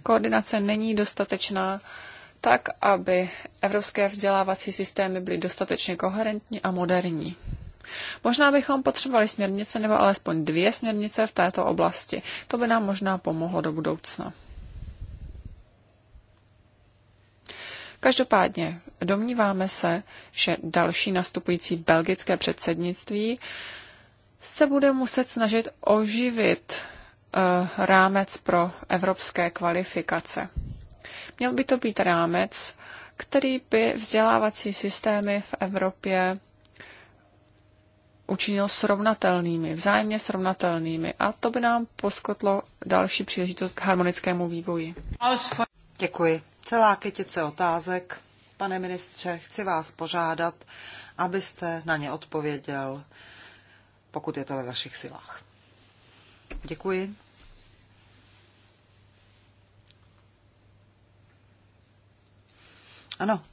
Koordinace není dostatečná tak, aby evropské vzdělávací systémy byly dostatečně koherentní a moderní. Možná bychom potřebovali směrnice nebo alespoň dvě směrnice v této oblasti. To by nám možná pomohlo do budoucna. Každopádně domníváme se, že další nastupující belgické předsednictví se bude muset snažit oživit eh, rámec pro evropské kvalifikace. Měl by to být rámec, který by vzdělávací systémy v Evropě učinil srovnatelnými, vzájemně srovnatelnými a to by nám poskotlo další příležitost k harmonickému vývoji. Děkuji celá kytice otázek. Pane ministře, chci vás požádat, abyste na ně odpověděl, pokud je to ve vašich silách. Děkuji. Ano,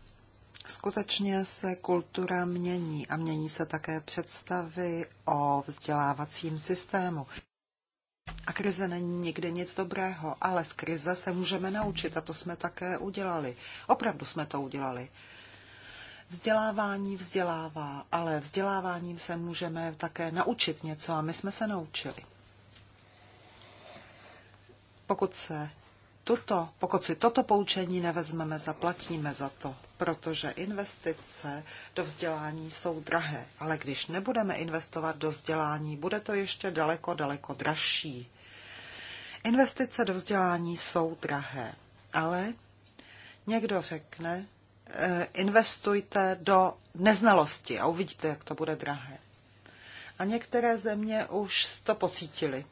skutečně se kultura mění a mění se také představy o vzdělávacím systému. A krize není nikdy nic dobrého, ale z krize se můžeme naučit a to jsme také udělali. Opravdu jsme to udělali. Vzdělávání vzdělává, ale vzděláváním se můžeme také naučit něco a my jsme se naučili. Pokud se tuto, pokud si toto poučení nevezmeme, zaplatíme za to, protože investice do vzdělání jsou drahé, ale když nebudeme investovat do vzdělání, bude to ještě daleko, daleko dražší. Investice do vzdělání jsou drahé, ale někdo řekne, eh, investujte do neznalosti a uvidíte, jak to bude drahé. A některé země už to pocítily.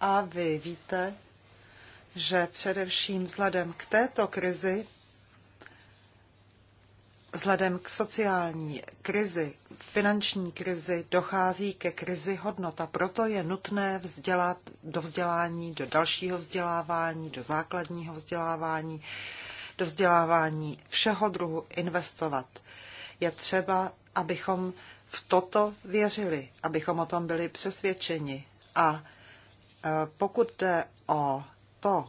A vy víte, že především vzhledem k této krizi, vzhledem k sociální krizi, finanční krizi dochází ke krizi hodnota. Proto je nutné vzdělat do vzdělání, do dalšího vzdělávání, do základního vzdělávání, do vzdělávání všeho druhu investovat. Je třeba, abychom v toto věřili, abychom o tom byli přesvědčeni. A e, pokud jde o to,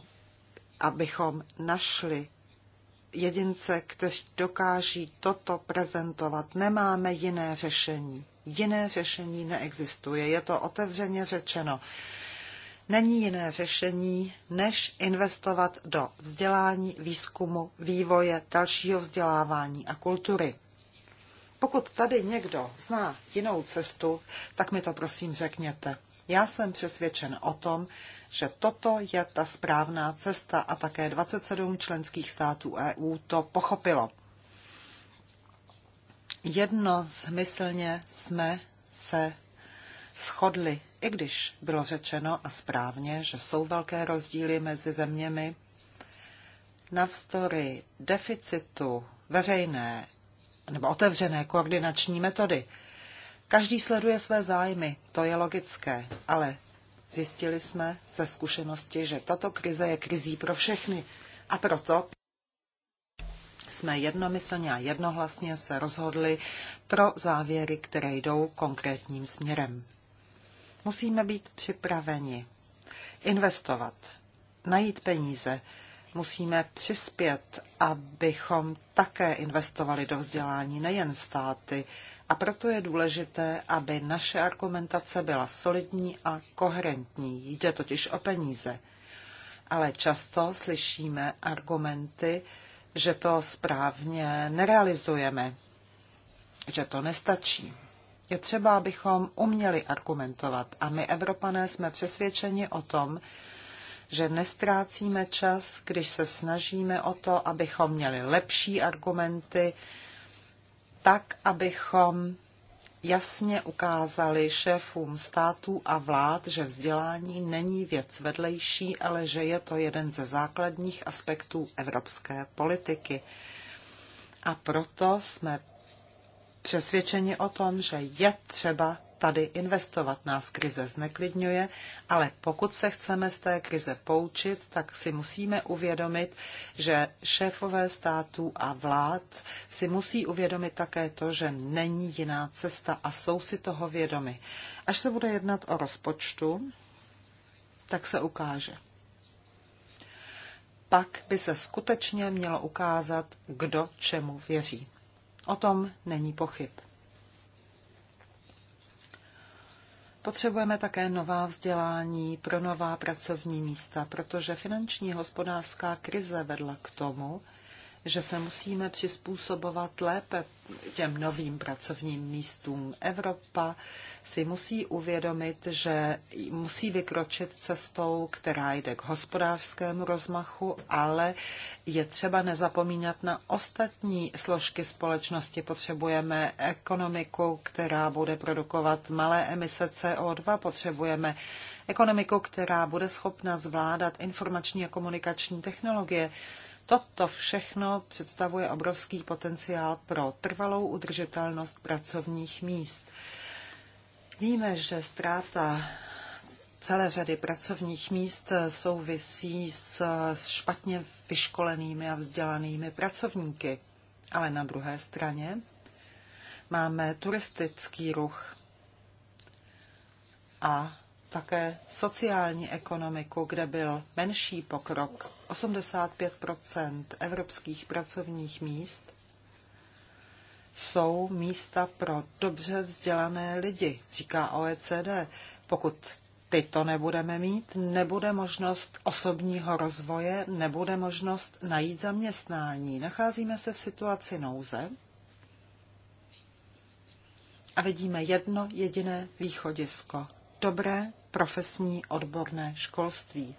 abychom našli jedince, kteří dokáží toto prezentovat. Nemáme jiné řešení. Jiné řešení neexistuje. Je to otevřeně řečeno. Není jiné řešení, než investovat do vzdělání, výzkumu, vývoje, dalšího vzdělávání a kultury. Pokud tady někdo zná jinou cestu, tak mi to prosím řekněte. Já jsem přesvědčen o tom, že toto je ta správná cesta a také 27 členských států EU to pochopilo. Jedno zmyslně jsme se shodli, i když bylo řečeno a správně, že jsou velké rozdíly mezi zeměmi. Navzdory deficitu veřejné nebo otevřené koordinační metody. Každý sleduje své zájmy, to je logické, ale Zjistili jsme ze zkušenosti, že tato krize je krizí pro všechny. A proto jsme jednomyslně a jednohlasně se rozhodli pro závěry, které jdou konkrétním směrem. Musíme být připraveni investovat, najít peníze, musíme přispět, abychom také investovali do vzdělání nejen státy, a proto je důležité, aby naše argumentace byla solidní a koherentní. Jde totiž o peníze. Ale často slyšíme argumenty, že to správně nerealizujeme, že to nestačí. Je třeba, abychom uměli argumentovat a my, Evropané, jsme přesvědčeni o tom, že nestrácíme čas, když se snažíme o to, abychom měli lepší argumenty, tak, abychom jasně ukázali šéfům států a vlád, že vzdělání není věc vedlejší, ale že je to jeden ze základních aspektů evropské politiky. A proto jsme přesvědčeni o tom, že je třeba tady investovat. Nás krize zneklidňuje, ale pokud se chceme z té krize poučit, tak si musíme uvědomit, že šéfové států a vlád si musí uvědomit také to, že není jiná cesta a jsou si toho vědomi. Až se bude jednat o rozpočtu, tak se ukáže pak by se skutečně mělo ukázat, kdo čemu věří. O tom není pochyb. Potřebujeme také nová vzdělání pro nová pracovní místa, protože finanční hospodářská krize vedla k tomu, že se musíme přizpůsobovat lépe těm novým pracovním místům. Evropa si musí uvědomit, že musí vykročit cestou, která jde k hospodářskému rozmachu, ale je třeba nezapomínat na ostatní složky společnosti. Potřebujeme ekonomiku, která bude produkovat malé emise CO2, potřebujeme ekonomiku, která bude schopna zvládat informační a komunikační technologie. Toto všechno představuje obrovský potenciál pro trvalou udržitelnost pracovních míst. Víme, že ztráta celé řady pracovních míst souvisí s špatně vyškolenými a vzdělanými pracovníky. Ale na druhé straně máme turistický ruch a také sociální ekonomiku, kde byl menší pokrok 85 evropských pracovních míst jsou místa pro dobře vzdělané lidi, říká OECD. Pokud tyto nebudeme mít, nebude možnost osobního rozvoje, nebude možnost najít zaměstnání. Nacházíme se v situaci nouze a vidíme jedno jediné východisko. Dobré profesní odborné školství.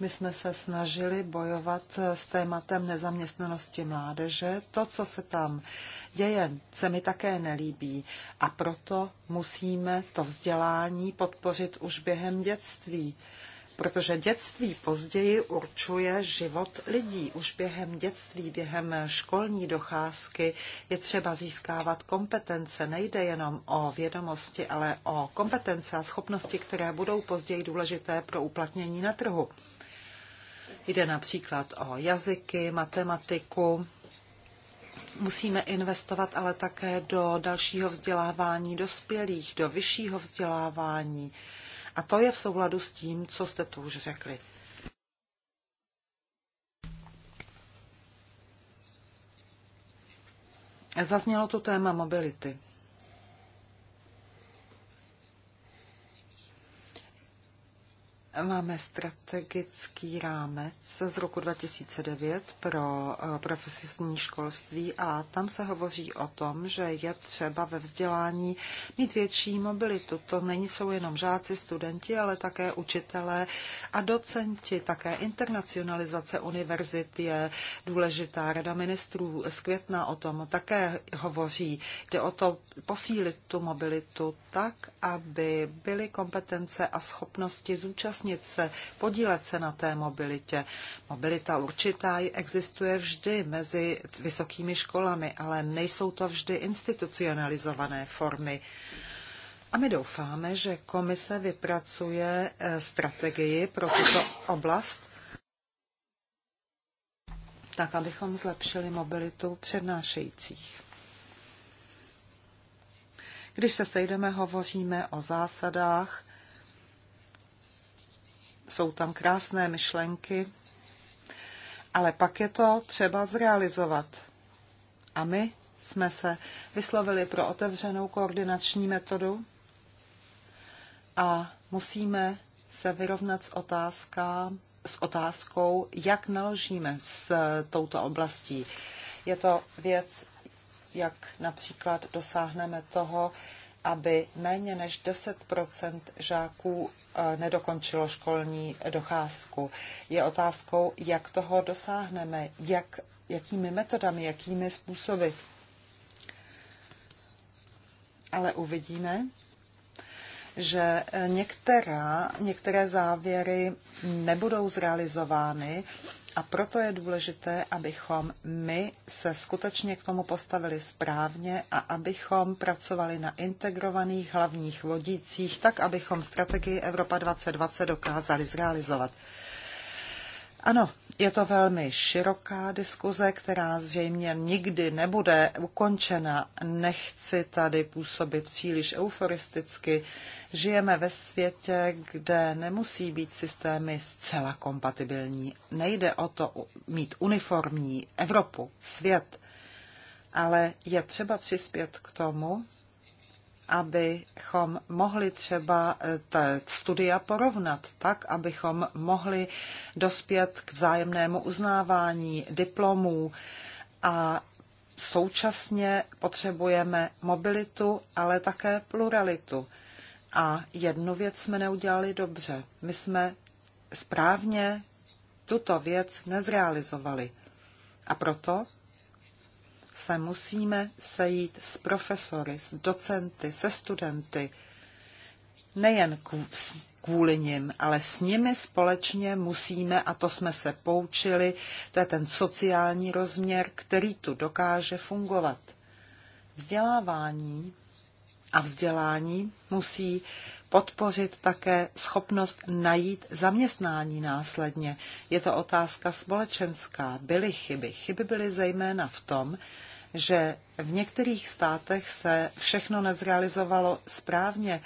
My jsme se snažili bojovat eh, s tématem nezaměstnanosti mládeže. To, co se tam děje, se mi také nelíbí a proto musíme to vzdělání podpořit už během dětství protože dětství později určuje život lidí. Už během dětství, během školní docházky je třeba získávat kompetence. Nejde jenom o vědomosti, ale o kompetence a schopnosti, které budou později důležité pro uplatnění na trhu. Jde například o jazyky, matematiku. Musíme investovat ale také do dalšího vzdělávání dospělých, do vyššího vzdělávání. A to je v souladu s tím, co jste tu už řekli. Zaznělo tu téma mobility. Máme strategický rámec z roku 2009 pro eh, profesní školství a tam se hovoří o tom, že je třeba ve vzdělání mít větší mobilitu. To není jsou jenom žáci, studenti, ale také učitelé a docenti. Také internacionalizace univerzit je důležitá. Rada ministrů z května o tom také hovoří. Jde o to posílit tu mobilitu tak, aby byly kompetence a schopnosti zúčastnit účastnit se, podílet se na té mobilitě. Mobilita určitá existuje vždy mezi vysokými školami, ale nejsou to vždy institucionalizované formy. A my doufáme, že komise vypracuje eh, strategii pro tuto oblast, tak abychom zlepšili mobilitu přednášejících. Když se sejdeme, hovoříme o zásadách jsou tam krásné myšlenky, ale pak je to třeba zrealizovat. A my jsme se vyslovili pro otevřenou koordinační metodu a musíme se vyrovnat s, otázka, s otázkou, jak naložíme s touto oblastí. Je to věc, jak například dosáhneme toho, aby méně než 10 žáků eh, nedokončilo školní docházku. Je otázkou, jak toho dosáhneme, jak, jakými metodami, jakými způsoby. Ale uvidíme, že eh, některá, některé závěry nebudou zrealizovány a proto je důležité, abychom my se skutečně k tomu postavili správně a abychom pracovali na integrovaných hlavních vodících, tak abychom strategii Evropa 2020 dokázali zrealizovat. Ano, je to velmi široká diskuze, která zřejmě nikdy nebude ukončena. Nechci tady působit příliš euforisticky. Žijeme ve světě, kde nemusí být systémy zcela kompatibilní. Nejde o to mít uniformní Evropu, svět, ale je třeba přispět k tomu, abychom mohli třeba eh, ta studia porovnat tak, abychom mohli dospět k vzájemnému uznávání diplomů a současně potřebujeme mobilitu, ale také pluralitu. A jednu věc jsme neudělali dobře. My jsme správně tuto věc nezrealizovali. A proto se musíme sejít s profesory, s docenty, se studenty, nejen kvůli nim, ale s nimi společně musíme, a to jsme se poučili, to je ten sociální rozměr, který tu dokáže fungovat. Vzdělávání a vzdělání musí podpořit také schopnost najít zaměstnání následně. Je to otázka společenská. Byly chyby. Chyby byly zejména v tom, že v některých státech se všechno nezrealizovalo správně.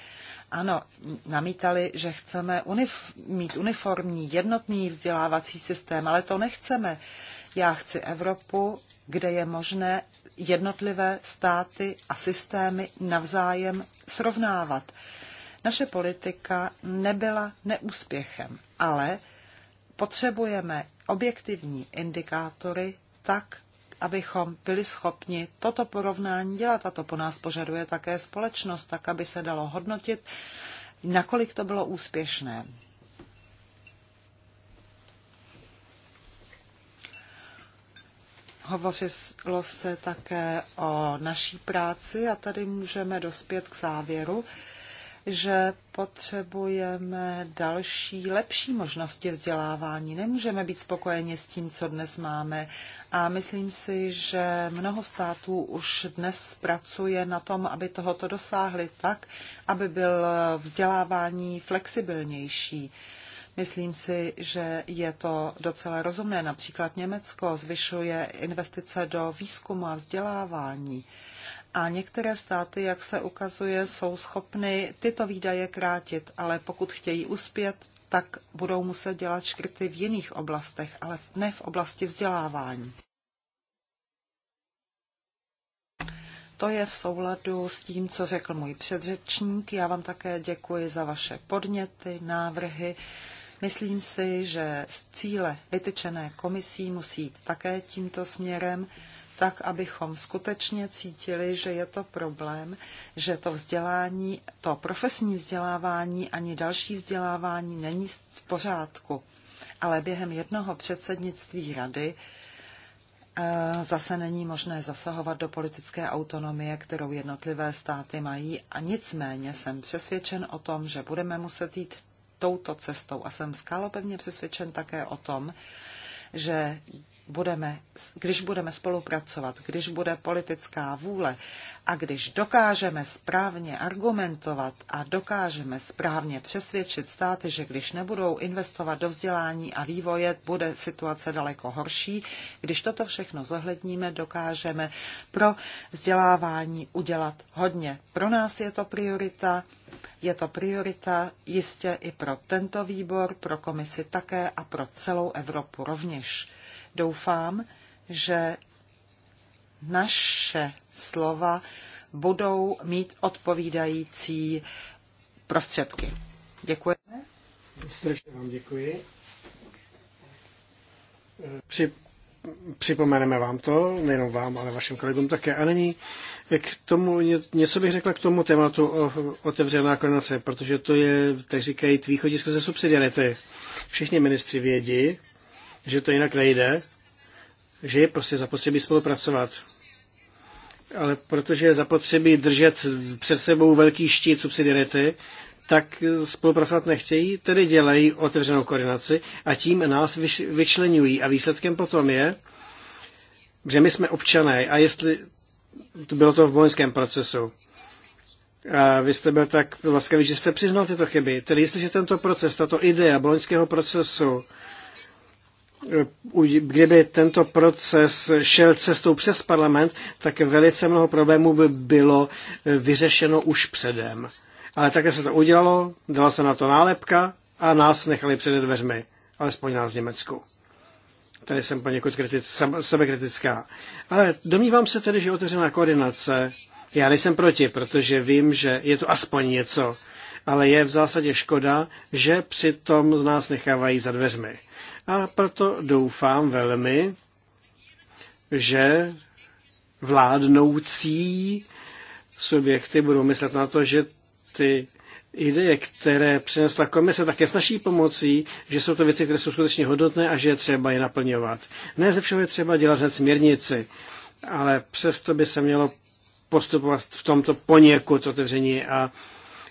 Ano, namítali, že chceme unif- mít uniformní, jednotný vzdělávací systém, ale to nechceme. Já chci Evropu, kde je možné jednotlivé státy a systémy navzájem srovnávat. Naše politika nebyla neúspěchem, ale potřebujeme objektivní indikátory tak, abychom byli schopni toto porovnání dělat. A to po nás požaduje také společnost, tak aby se dalo hodnotit, nakolik to bylo úspěšné. Hovořilo se také o naší práci a tady můžeme dospět k závěru, že potřebujeme další, lepší možnosti vzdělávání. Nemůžeme být spokojeni s tím, co dnes máme. A myslím si, že mnoho států už dnes pracuje na tom, aby tohoto dosáhli tak, aby byl vzdělávání flexibilnější. Myslím si, že je to docela rozumné. Například Německo zvyšuje investice do výzkumu a vzdělávání. A některé státy, jak se ukazuje, jsou schopny tyto výdaje krátit, ale pokud chtějí uspět, tak budou muset dělat škrty v jiných oblastech, ale ne v oblasti vzdělávání. To je v souladu s tím, co řekl můj předřečník. Já vám také děkuji za vaše podněty, návrhy. Myslím si, že cíle vytyčené komisí musí jít také tímto směrem tak abychom skutečně cítili, že je to problém, že to vzdělání, to profesní vzdělávání ani další vzdělávání není v pořádku. Ale během jednoho předsednictví rady eh, zase není možné zasahovat do politické autonomie, kterou jednotlivé státy mají a nicméně jsem přesvědčen o tom, že budeme muset jít touto cestou a jsem skálopevně přesvědčen také o tom, že budeme, když budeme spolupracovat, když bude politická vůle a když dokážeme správně argumentovat a dokážeme správně přesvědčit státy, že když nebudou investovat do vzdělání a vývoje, bude situace daleko horší. Když toto všechno zohledníme, dokážeme pro vzdělávání udělat hodně. Pro nás je to priorita, je to priorita jistě i pro tento výbor, pro komisi také a pro celou Evropu rovněž. Doufám, že naše slova budou mít odpovídající prostředky. Děkuji. Srdečně vám děkuji. Při, připomeneme vám to, nejenom vám, ale vašim kolegům také. A není k tomu, něco bych řekla k tomu tématu o otevřená koordinace, protože to je, tak říkají, východisko ze subsidiarity. Všichni ministři vědí, že to jinak nejde, že je prostě zapotřebí spolupracovat. Ale protože je zapotřebí držet před sebou velký štít subsidiarity, tak spolupracovat nechtějí, tedy dělají otevřenou koordinaci a tím nás vyčlenují. A výsledkem potom je, že my jsme občané a jestli to bylo to v boňském procesu. A vy jste byl tak laskavý, že jste přiznal tyto chyby. Tedy jestliže tento proces, tato idea boloňského procesu Eh, kdyby tento proces šel cestou přes parlament, tak velice mnoho problémů by bylo eh, vyřešeno už předem. Ale také se to udělalo, dala se na to nálepka a nás nechali před dveřmi, alespoň nás v Německu. Tady jsem poněkud kritic, sebekritická. Ale domnívám se tedy, že otevřená koordinace, já nejsem proti, protože vím, že je to aspoň něco, ale je v zásadě škoda, že přitom nás nechávají za dveřmi. A proto doufám velmi, že vládnoucí subjekty budou myslet na to, že ty ideje, které přinesla komise, také s naší pomocí, že jsou to věci, které jsou skutečně hodnotné a že je třeba je naplňovat. Ne ze všeho je třeba dělat hned směrnici, ale přesto by se mělo postupovat v tomto poněkud otevření a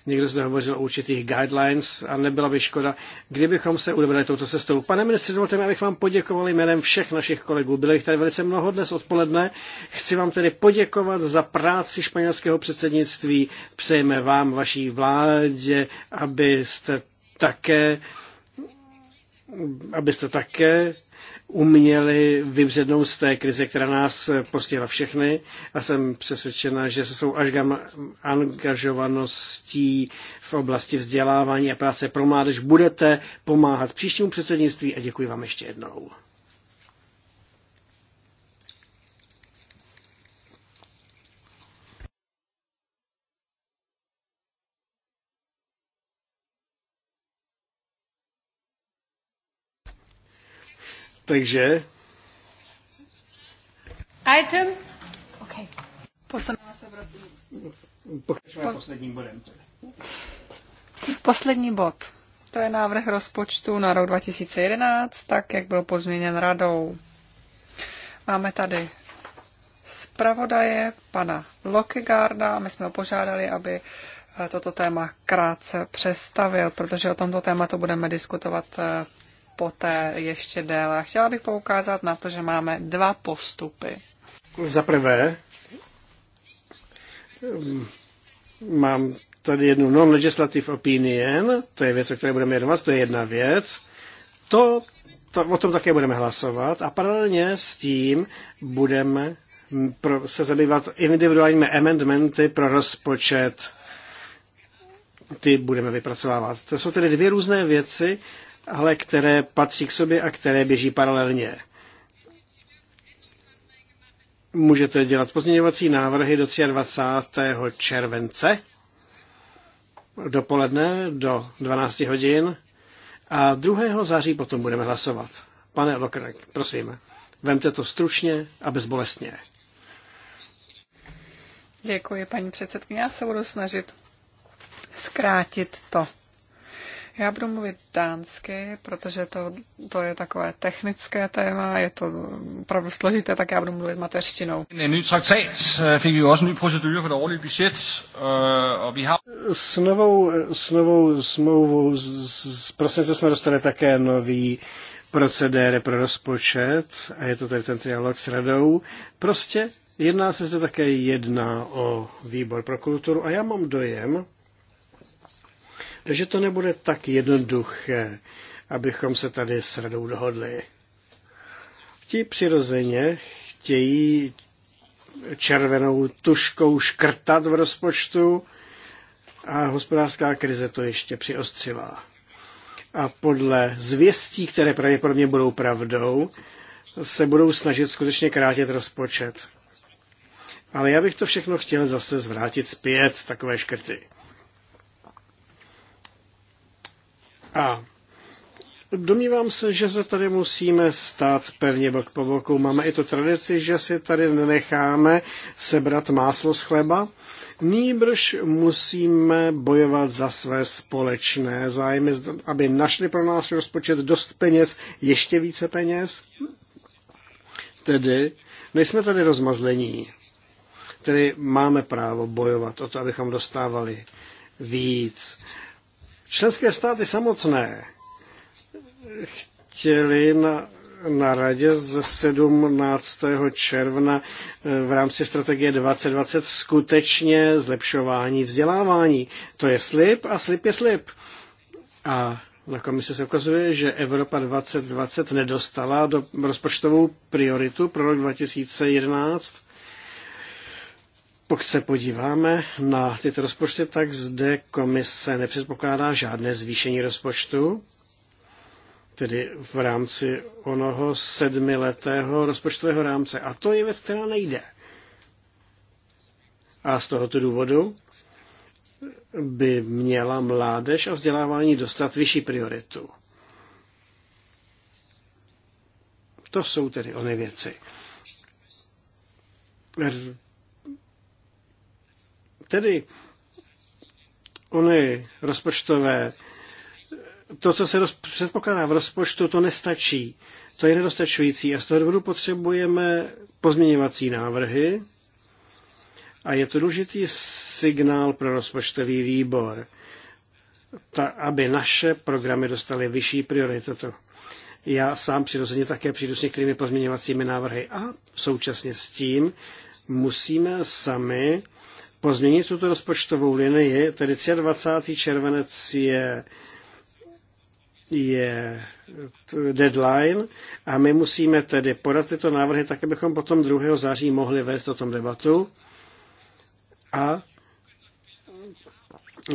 Někdo zde hovořil o určitých guidelines a nebyla by škoda, kdybychom se udobrali touto cestou. Pane ministře, dovolte mi, abych vám poděkoval jménem všech našich kolegů. Bylo jich tady velice mnoho dnes odpoledne. Chci vám tedy poděkovat za práci španělského předsednictví. Přejeme vám, vaší vládě, abyste také abyste také uměli vyvřednout z té krize, která nás eh, postihla všechny a jsem přesvědčena, že se jsou až angažovaností v oblasti vzdělávání a práce pro mládež budete pomáhat příštímu předsednictví a děkuji vám ještě jednou. Takže... Item? OK. Posuneme se, prosím. Pokračujeme po... posledním bodem. Poslední bod. To je návrh rozpočtu na rok 2011, tak jak byl pozměněn radou. Máme tady zpravodaje pana Lokegarda. My jsme ho požádali, aby eh, toto téma krátce představil, protože o tomto tématu budeme diskutovat eh, poté ještě déle. Chtěla bych poukázat na to, že máme dva postupy. Za prvé, ehm, mám tady jednu non-legislative opinion, to je věc, o které budeme jednat, to je jedna věc. To, to, o tom také budeme hlasovat a paralelně s tím budeme pro, se zabývat individuálními amendmenty pro rozpočet. Ty budeme vypracovávat. To jsou tedy dvě různé věci ale které patří k sobě a které běží paralelně. Můžete dělat pozměňovací návrhy do 23. července dopoledne do 12 hodin a 2. září potom budeme hlasovat. Pane Lokrek, prosím, vemte to stručně a bezbolestně. Děkuji, paní předsedkyně. Já se budu snažit zkrátit to já budu mluvit dánsky, protože to, to je takové technické téma, je to opravdu složité, tak já budu mluvit mateřštinou. Eh, eh, eh, s novou, s novou smlouvou z prosince jsme dostali také nový procedér pro rozpočet, a je to tady ten trialog s radou. Prostě jedná se zde také jedna o výbor pro kulturu a já mám dojem, že to nebude tak jednoduché, abychom se tady s radou dohodli. Ti přirozeně chtějí červenou tuškou škrtat v rozpočtu a hospodářská krize to ještě přiostřila. A podle zvěstí, které pravděpodobně budou pravdou, se budou snažit skutečně krátit rozpočet. Ale já bych to všechno chtěl zase zvrátit zpět, takové škrty. A Domnívám se, že se tady musíme stát pevně bok po boku. Máme i tu tradici, že si tady nenecháme sebrat máslo z chleba. Nýbrž musíme bojovat za své společné zájmy, aby našli pro nás rozpočet dost peněz, ještě více peněz. Tedy nejsme tady rozmazlení. Tedy máme právo bojovat o to, abychom dostávali víc. Členské státy samotné chtěli na, na radě z 17. června eh, v rámci strategie 2020 skutečně zlepšování vzdělávání. To je slib a slib je slib. A na komise se ukazuje, že Evropa 2020 nedostala do rozpočtovou prioritu pro rok 2011 pokud se podíváme na tyto rozpočty, tak zde komise nepředpokládá žádné zvýšení rozpočtu, tedy v rámci onoho sedmiletého rozpočtového rámce. A to je věc, která nejde. A z tohoto důvodu by měla mládež a vzdělávání dostat vyšší prioritu. To jsou tedy ony věci. Tedy ony rozpočtové, to, co se roz, předpokládá v rozpočtu, to nestačí. To je nedostačující a z toho důvodu potřebujeme pozměňovací návrhy a je to důležitý signál pro rozpočtový výbor, ta, aby naše programy dostaly vyšší prioritu. Já sám přirozeně také přijdu s některými pozměňovacími návrhy a současně s tím musíme sami pozměnit tuto rozpočtovou linii, tedy 23. červenec je, je deadline a my musíme tedy podat tyto návrhy tak, abychom potom 2. září mohli vést o tom debatu a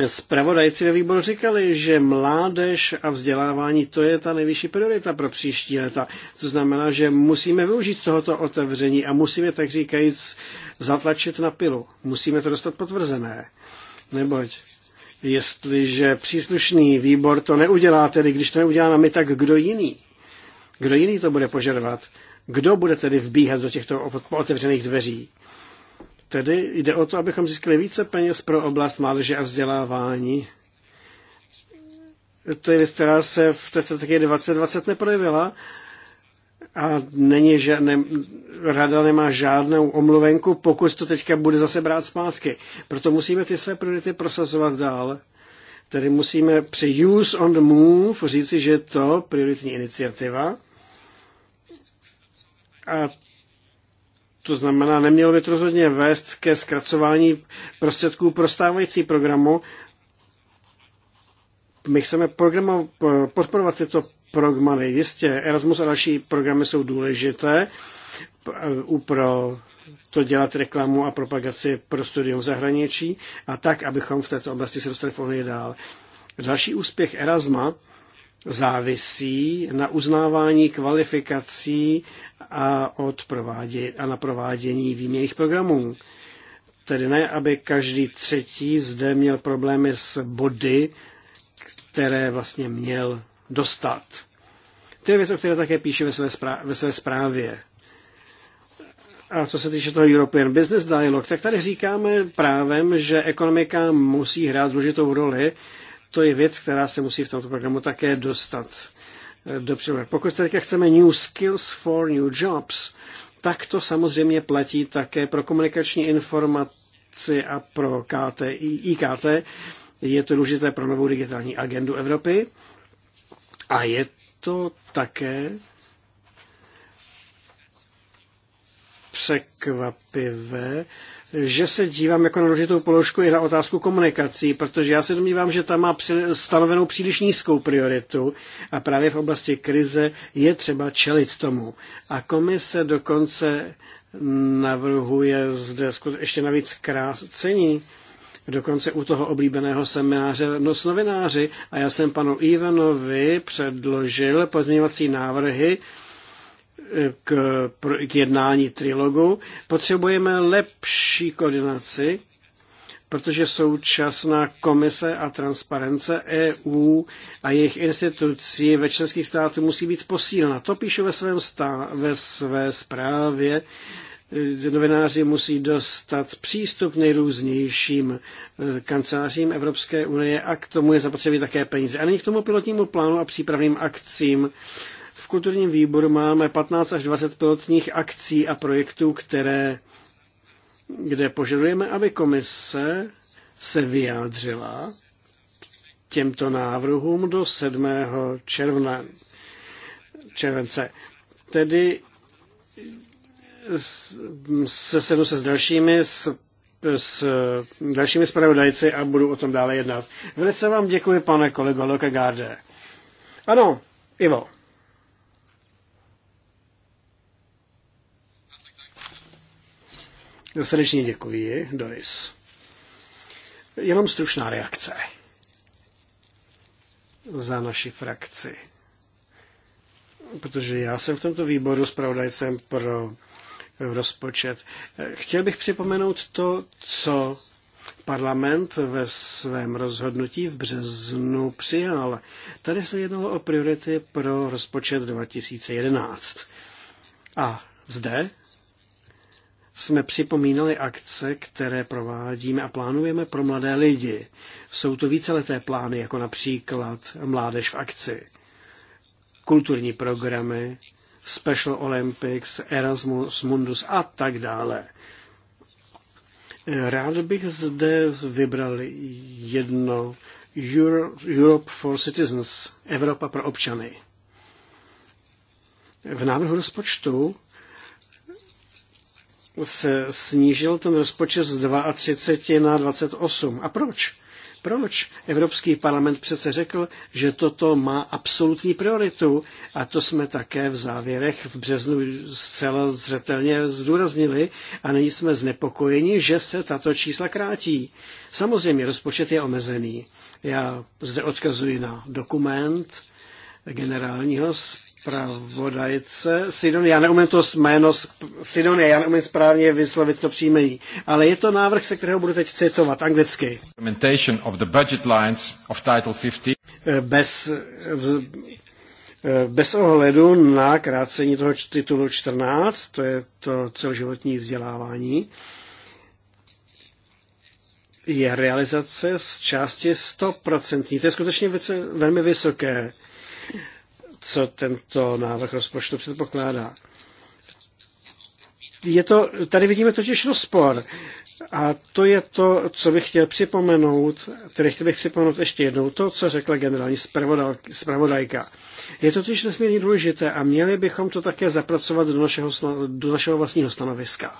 Spravodajci ve výboru říkali, že mládež a vzdělávání to je ta nejvyšší priorita pro příští leta. To znamená, že musíme využít tohoto otevření a musíme, tak říkajíc, zatlačit na pilu. Musíme to dostat potvrzené. Neboť jestliže příslušný výbor to neudělá, tedy když to neuděláme my, tak kdo jiný? Kdo jiný to bude požadovat? Kdo bude tedy vbíhat do těchto otevřených dveří? Tedy jde o to, abychom získali více peněz pro oblast mládeže a vzdělávání. To je věc, která se v té strategii 2020 neprojevila a není ne, rada nemá žádnou omluvenku, pokud to teďka bude zase brát zpátky. Proto musíme ty své priority prosazovat dál. Tedy musíme při Use on the Move říci, že je to prioritní iniciativa. A to znamená, nemělo by to rozhodně vést ke zkracování prostředků pro stávající programu. My chceme programu, eh, podporovat tyto programy. Jistě, Erasmus a další programy jsou důležité eh, pro to dělat reklamu a propagaci pro studium v zahraničí a tak, abychom v této oblasti se dostali v dál. Další úspěch Erasma závisí na uznávání kvalifikací a, od provádě, a na provádění výměných programů. Tedy ne, aby každý třetí zde měl problémy s body, které vlastně měl dostat. To je věc, o které také píše ve své, zprávě, ve své zprávě. A co se týče toho European Business Dialogue, tak tady říkáme právem, že ekonomika musí hrát důležitou roli to je věc, která se musí v tomto programu také dostat eh, do příležitosti. Pokud teďka chceme New Skills for New Jobs, tak to samozřejmě platí také pro komunikační informaci a pro KT, IKT. Je to důležité pro novou digitální agendu Evropy a je to také překvapivé, že se dívám jako na důležitou položku i na otázku komunikací, protože já se domnívám, že ta má stanovenou příliš nízkou prioritu a právě v oblasti krize je třeba čelit tomu. A komise dokonce navrhuje zde ještě navíc krácení dokonce u toho oblíbeného semináře no, s novináři a já jsem panu Ivanovi předložil pozměňovací návrhy, k, k jednání trilogu. Potřebujeme lepší koordinaci, protože současná komise a transparence EU a jejich institucí ve členských státech musí být posílena. To píšu ve, svém stá, ve své zprávě eh, novináři musí dostat přístup nejrůznějším eh, kancelářím Evropské unie a k tomu je zapotřebí také peníze. A nyní k tomu pilotnímu plánu a přípravným akcím kulturním výboru máme 15 až 20 pilotních akcí a projektů, které, kde požadujeme, aby komise se vyjádřila k těmto návrhům do 7. června, července. Tedy se sedu se s dalšími, s, s dalšími zpravodajci a budu o tom dále jednat. Velice vám děkuji, pane kolego Lokagarde. Ano, Ivo. Srdečně děkuji, Doris. Jenom stručná reakce za naši frakci. Protože já jsem v tomto výboru zpravodajcem pro rozpočet. Chtěl bych připomenout to, co parlament ve svém rozhodnutí v březnu přijal. Tady se jednalo o priority pro rozpočet 2011. A zde jsme připomínali akce, které provádíme a plánujeme pro mladé lidi. Jsou to víceleté plány, jako například Mládež v akci, kulturní programy, Special Olympics, Erasmus Mundus a tak dále. Rád bych zde vybral jedno Europe for Citizens, Evropa pro občany. V návrhu rozpočtu se snížil ten rozpočet z 32 na 28. A proč? Proč? Evropský parlament přece řekl, že toto má absolutní prioritu a to jsme také v závěrech v březnu zcela zřetelně zdůraznili a nyní jsme znepokojeni, že se tato čísla krátí. Samozřejmě rozpočet je omezený. Já zde odkazuji na dokument generálního zpravodajce. Sidon, já neumím to jméno, Sidon, já neumím správně vyslovit to příjmení, ale je to návrh, se kterého budu teď citovat anglicky. Of the budget lines of Title 50. Eh, bez, eh, bez ohledu na krácení toho titulu 14, to je to celoživotní vzdělávání, je realizace z části 100%. To je skutečně velmi vysoké co tento návrh rozpočtu předpokládá. Je to, tady vidíme totiž rozpor. A to je to, co bych chtěl připomenout, tedy chtěl bych připomenout ještě jednou to, co řekla generální zpravodajka. Je to totiž nesmírně důležité a měli bychom to také zapracovat do našeho, do našeho vlastního stanoviska.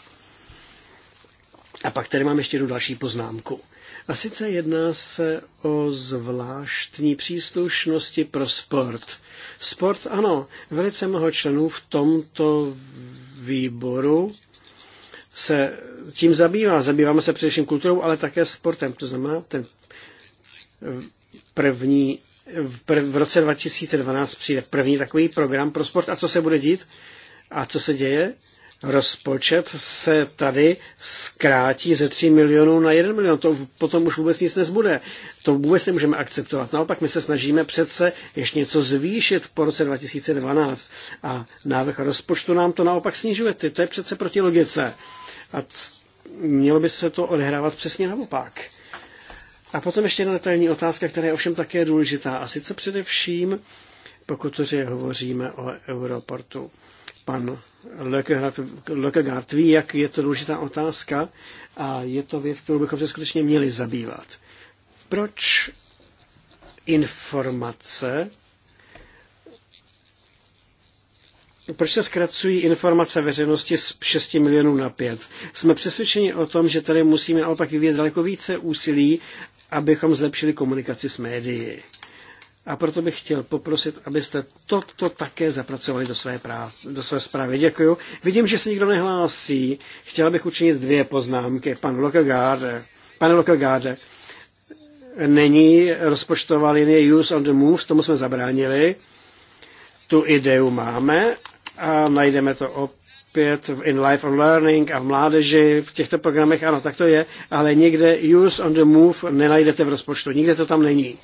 A pak tady mám ještě jednu další poznámku. A sice jedná se o zvláštní příslušnosti pro sport. Sport, ano, velice mnoho členů v tomto výboru se tím zabývá. Zabýváme se především kulturou, ale také sportem. To znamená, ten první, v roce 2012 přijde první takový program pro sport. A co se bude dít? A co se děje? rozpočet se tady zkrátí ze 3 milionů na 1 milion. To potom už vůbec nic nezbude. To vůbec nemůžeme akceptovat. Naopak my se snažíme přece ještě něco zvýšit po roce 2012 a návrh rozpočtu nám to naopak snižuje. Ty, to je přece proti logice. A mělo by se to odehrávat přesně naopak. A potom ještě jedna detailní otázka, která je ovšem také důležitá, a sice především, pokud hovoříme o Europortu. Pan Lökegaard ví, jak je to důležitá otázka a je to věc, kterou bychom se skutečně měli zabývat. Proč informace proč se zkracují informace veřejnosti z 6 milionů na 5? Jsme přesvědčeni o tom, že tady musíme naopak vyvíjet daleko více úsilí, abychom zlepšili komunikaci s médií. A proto bych chtěl poprosit, abyste toto také zapracovali do své, práv, do své zprávy. Děkuji. Vidím, že se nikdo nehlásí. Chtěl bych učinit dvě poznámky. Pan Lokegaard, pane Lokegaarde, není rozpočtová linie Use on the Move, tomu jsme zabránili. Tu ideu máme a najdeme to opět v In Life on Learning a v mládeži, v těchto programech, ano, tak to je, ale nikde Use on the Move nenajdete v rozpočtu, nikde to tam není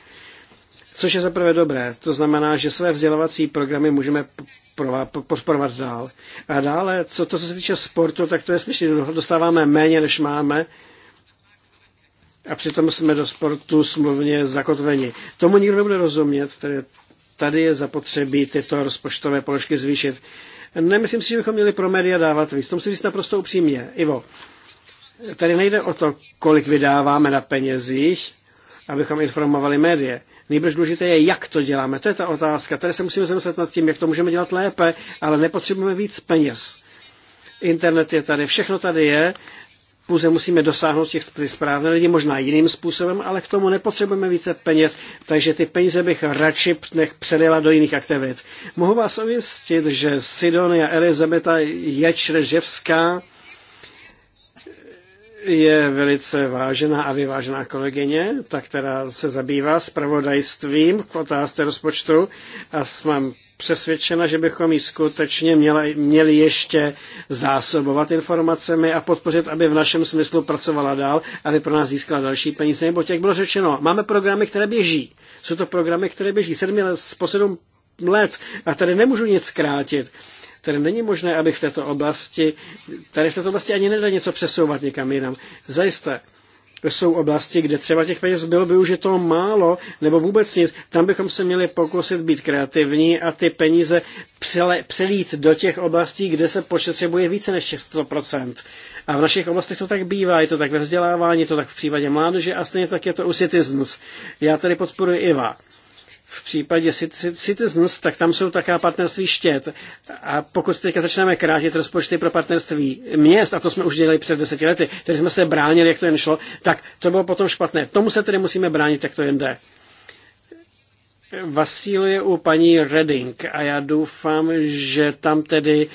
což je zaprvé dobré. To znamená, že své vzdělávací programy můžeme podporovat dál. A dále, co to, co se týče sportu, tak to je slyšet, dostáváme méně, než máme a přitom jsme do sportu smluvně zakotveni. Tomu nikdo nebude rozumět, tedy tady je zapotřebí tyto rozpočtové položky zvýšit. Nemyslím si, že bychom měli pro média dávat víc. Tomu si říct naprosto upřímně. Ivo, tady nejde o to, kolik vydáváme na penězích, abychom informovali média. Nejbrž důležité je, jak to děláme. To je ta otázka. Tady se musíme zamyslet nad tím, jak to můžeme dělat lépe, ale nepotřebujeme víc peněz. Internet je tady, všechno tady je, pouze musíme dosáhnout těch správně lidi, možná jiným způsobem, ale k tomu nepotřebujeme více peněz, takže ty peníze bych radši nech předjela do jiných aktivit. Mohu vás ujistit, že Sidonia Elizabeta Ječreževská je velice vážená a vyvážená kolegyně, ta, která se zabývá spravodajstvím k otázce rozpočtu a mám přesvědčena, že bychom ji skutečně měli, měli ještě zásobovat informacemi a podpořit, aby v našem smyslu pracovala dál, aby pro nás získala další peníze. Nebo jak bylo řečeno, máme programy, které běží. Jsou to programy, které běží sedmi let, po sedm let a tady nemůžu nic zkrátit. Tady není možné, aby v této oblasti, tady v této oblasti ani nedá něco přesouvat někam jinam. Zajisté, jsou oblasti, kde třeba těch peněz bylo by už to málo nebo vůbec nic. Tam bychom se měli pokusit být kreativní a ty peníze přele, přelít do těch oblastí, kde se potřebuje více než těch 100%. A v našich oblastech to tak bývá, je to tak ve vzdělávání, je to tak v případě mládeže a stejně tak je to u citizens. Já tady podporuji vás v případě Citizens, tak tam jsou taká partnerství štět. A pokud teďka začneme krátit rozpočty pro partnerství měst, a to jsme už dělali před deseti lety, tedy jsme se bránili, jak to jen šlo, tak to bylo potom špatné. Tomu se tedy musíme bránit, jak to jen jde. Vasíl je u paní Redding a já doufám, že tam tedy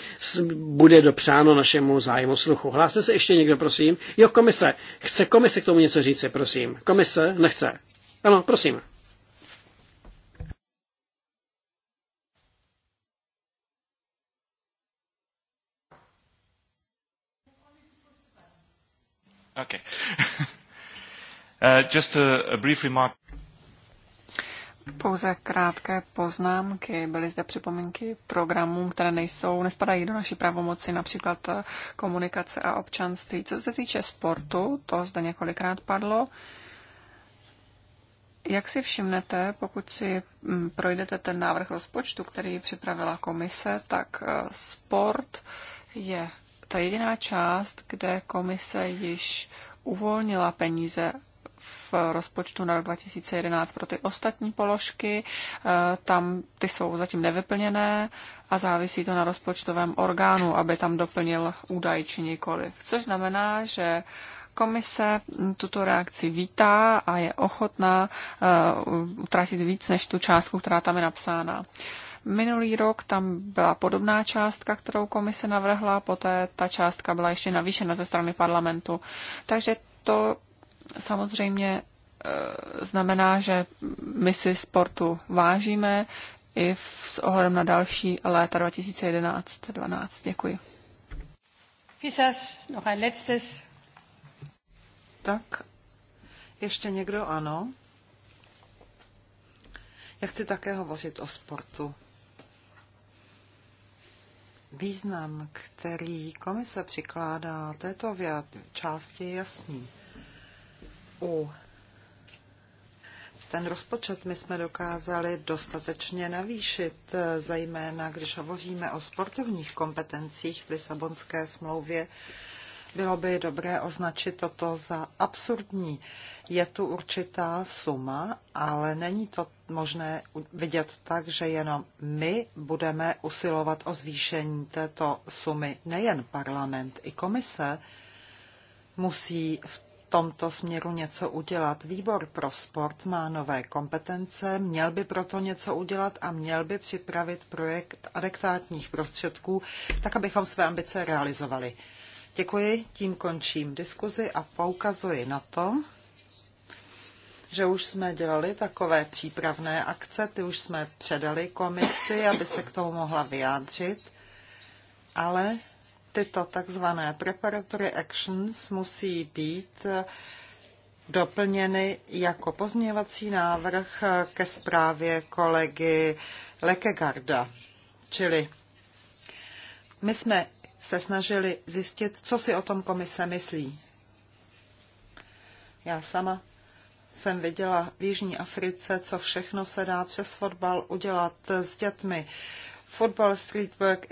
bude dopřáno našemu zájmu sluchu. Hlásí se ještě někdo, prosím? Jo, komise. Chce komise k tomu něco říct, prosím. Komise nechce. Ano, prosím. Okay. uh, just a, a brief remark. Pouze krátké poznámky. Byly zde připomínky programů, které nejsou, nespadají do naší pravomoci, například eh, komunikace a občanství. Co se týče sportu, to zde několikrát padlo. Jak si všimnete, pokud si mm, projdete ten návrh rozpočtu, který připravila komise, tak eh, sport je ta jediná část, kde komise již uvolnila peníze v rozpočtu na rok 2011 pro ty ostatní položky. Eh, tam ty jsou zatím nevyplněné a závisí to na rozpočtovém orgánu, aby tam doplnil údaj či nikoliv. Což znamená, že Komise tuto reakci vítá a je ochotná eh, utratit víc než tu částku, která tam je napsána. Minulý rok tam byla podobná částka, kterou komise navrhla, poté ta částka byla ještě navýšena ze strany parlamentu. Takže to samozřejmě eh, znamená, že my si sportu vážíme i v, s ohledem na další léta 2011-2012. Děkuji. Fisas, noch ein letztes tak. Ještě někdo? Ano. Já chci také hovořit o sportu. Význam, který komise přikládá této části, je jasný. U ten rozpočet my jsme dokázali dostatečně navýšit, zejména když hovoříme o sportovních kompetencích v Lisabonské smlouvě, bylo by dobré označit toto za absurdní. Je tu určitá suma, ale není to možné vidět tak, že jenom my budeme usilovat o zvýšení této sumy. Nejen parlament, i komise musí v tomto směru něco udělat. Výbor pro sport má nové kompetence, měl by proto něco udělat a měl by připravit projekt adekvátních prostředků, tak abychom své ambice realizovali. Děkuji, tím končím diskuzi a poukazuji na to, že už jsme dělali takové přípravné akce, ty už jsme předali komisi, aby se k tomu mohla vyjádřit, ale tyto takzvané preparatory actions musí být doplněny jako pozměňovací návrh ke zprávě kolegy Lekegarda. Čili my jsme se snažili zjistit, co si o tom komise myslí. Já sama jsem viděla v Jižní Africe, co všechno se dá přes fotbal udělat s dětmi. Fotbal street work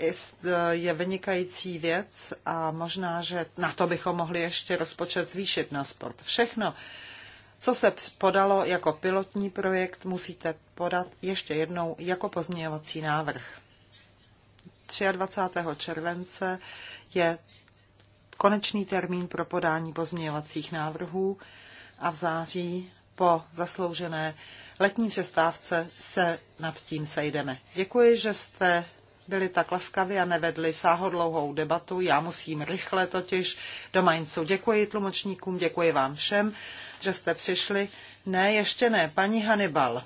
je vynikající věc a možná, že na to bychom mohli ještě rozpočet zvýšit na sport. Všechno, co se podalo jako pilotní projekt, musíte podat ještě jednou jako pozměňovací návrh. 23. července je konečný termín pro podání pozměňovacích návrhů a v září po zasloužené letní přestávce se nad tím sejdeme. Děkuji, že jste byli tak laskaví a nevedli sáhodlouhou debatu. Já musím rychle totiž do Maincu. Děkuji tlumočníkům, děkuji vám všem, že jste přišli. Ne, ještě ne. Paní Hannibal,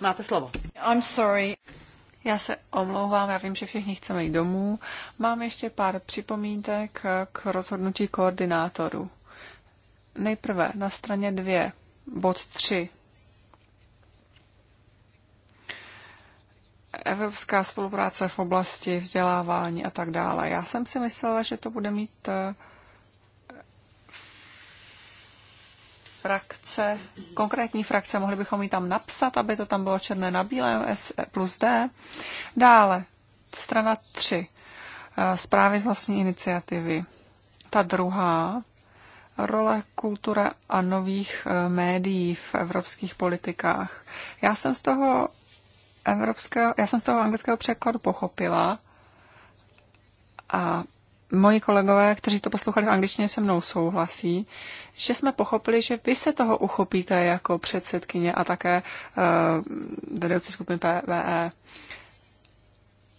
máte slovo. I'm sorry. Já se omlouvám, já vím, že všichni chceme jít domů. Mám ještě pár připomínek k rozhodnutí koordinátoru. Nejprve na straně 2, bod 3. Evropská spolupráce v oblasti vzdělávání a tak dále. Já jsem si myslela, že to bude mít eh, frakce, konkrétní frakce, mohli bychom ji tam napsat, aby to tam bylo černé na bílém, S e plus D. Dále, strana 3, eh, zprávy z vlastní iniciativy. Ta druhá, role kultura a nových eh, médií v evropských politikách. Já jsem z toho evropského, já jsem z toho anglického překladu pochopila a moji kolegové, kteří to poslouchali v angličtině, se mnou souhlasí, že jsme pochopili, že vy se toho uchopíte jako předsedkyně a také uh, vedoucí skupiny PVE.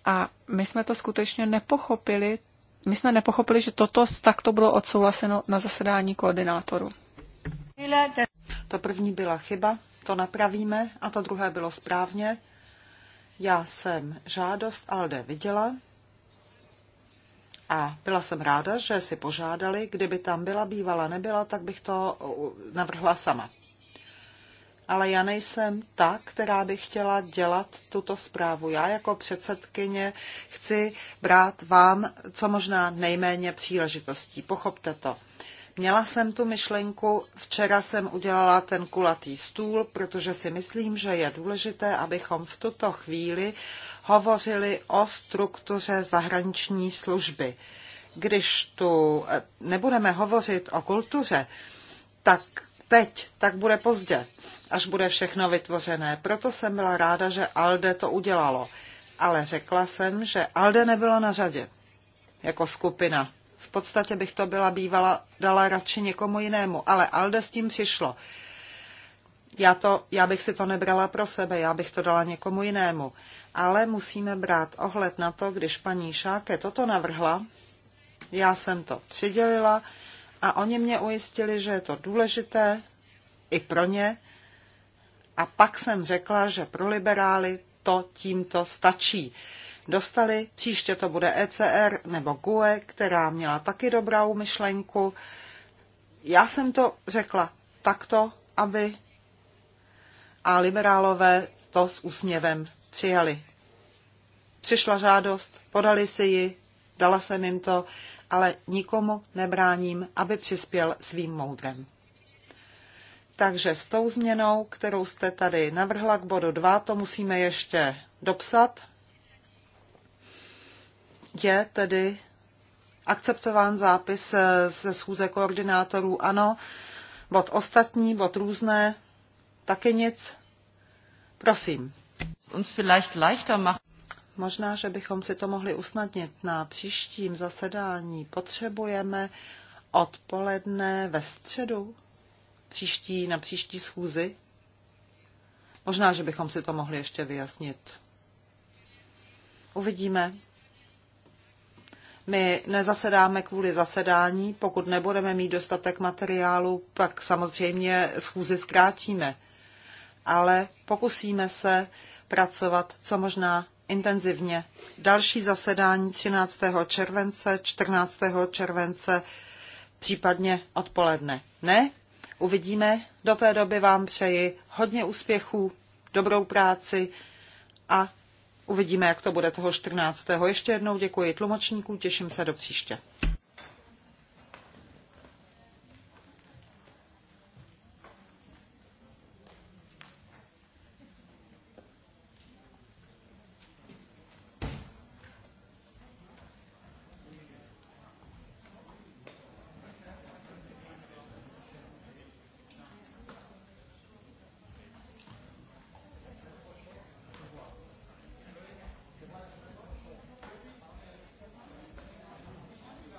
A my jsme to skutečně nepochopili, my jsme nepochopili, že toto takto bylo odsouhlaseno na zasedání koordinátoru. To první byla chyba, to napravíme, a to druhé bylo správně. Já jsem žádost Alde viděla, a byla jsem ráda, že si požádali, kdyby tam byla bývala nebyla, tak bych to navrhla sama. Ale já nejsem ta, která by chtěla dělat tuto zprávu. Já jako předsedkyně chci brát vám co možná nejméně příležitostí. Pochopte to. Uh, Měla jsem tu myšlenku, včera jsem udělala ten kulatý stůl, protože si myslím, že je důležité, abychom v tuto chvíli hovořili o struktuře zahraniční služby. Když tu eh, nebudeme hovořit o kultuře, tak teď, tak bude pozdě, až bude všechno vytvořené. Proto jsem byla ráda, že Alde to udělalo. Ale řekla jsem, že Alde nebyla na řadě jako skupina. V podstatě bych to byla bývala dala radši někomu jinému, ale Alde s tím přišlo. Já, to, já bych si to nebrala pro sebe, já bych to dala někomu jinému. Ale musíme brát ohled na to, když paní Šáke toto navrhla, já jsem to přidělila a oni mě ujistili, že je to důležité i pro ně. A pak jsem řekla, že pro liberály to tímto stačí. Uh, dostali. Příště to bude ECR nebo GUE, která měla taky dobrou myšlenku. Já jsem to řekla takto, aby a liberálové to s úsměvem přijali. Přišla žádost, podali si ji, dala jsem jim to, ale nikomu nebráním, aby přispěl svým moudrem. Takže s tou změnou, kterou jste tady navrhla k bodu 2, to musíme ještě dopsat je tedy akceptován zápis eh, ze schůze koordinátorů? Ano. Bod ostatní, bod různé, taky nic. Prosím. Možná, že bychom si to mohli usnadnit na příštím zasedání. Potřebujeme odpoledne ve středu příští, na příští schůzi. Možná, že bychom si to mohli ještě vyjasnit. Uvidíme. My nezasedáme kvůli zasedání, pokud nebudeme mít dostatek materiálu, pak samozřejmě schůzi zkrátíme. Ale pokusíme se pracovat co možná intenzivně. Další zasedání 13. července, 14. července, případně odpoledne. Ne? Uvidíme. Do té doby vám přeji hodně úspěchů, dobrou práci a Uvidíme, jak to bude toho 14. Ještě jednou děkuji tlumočníkům, těším se do příště.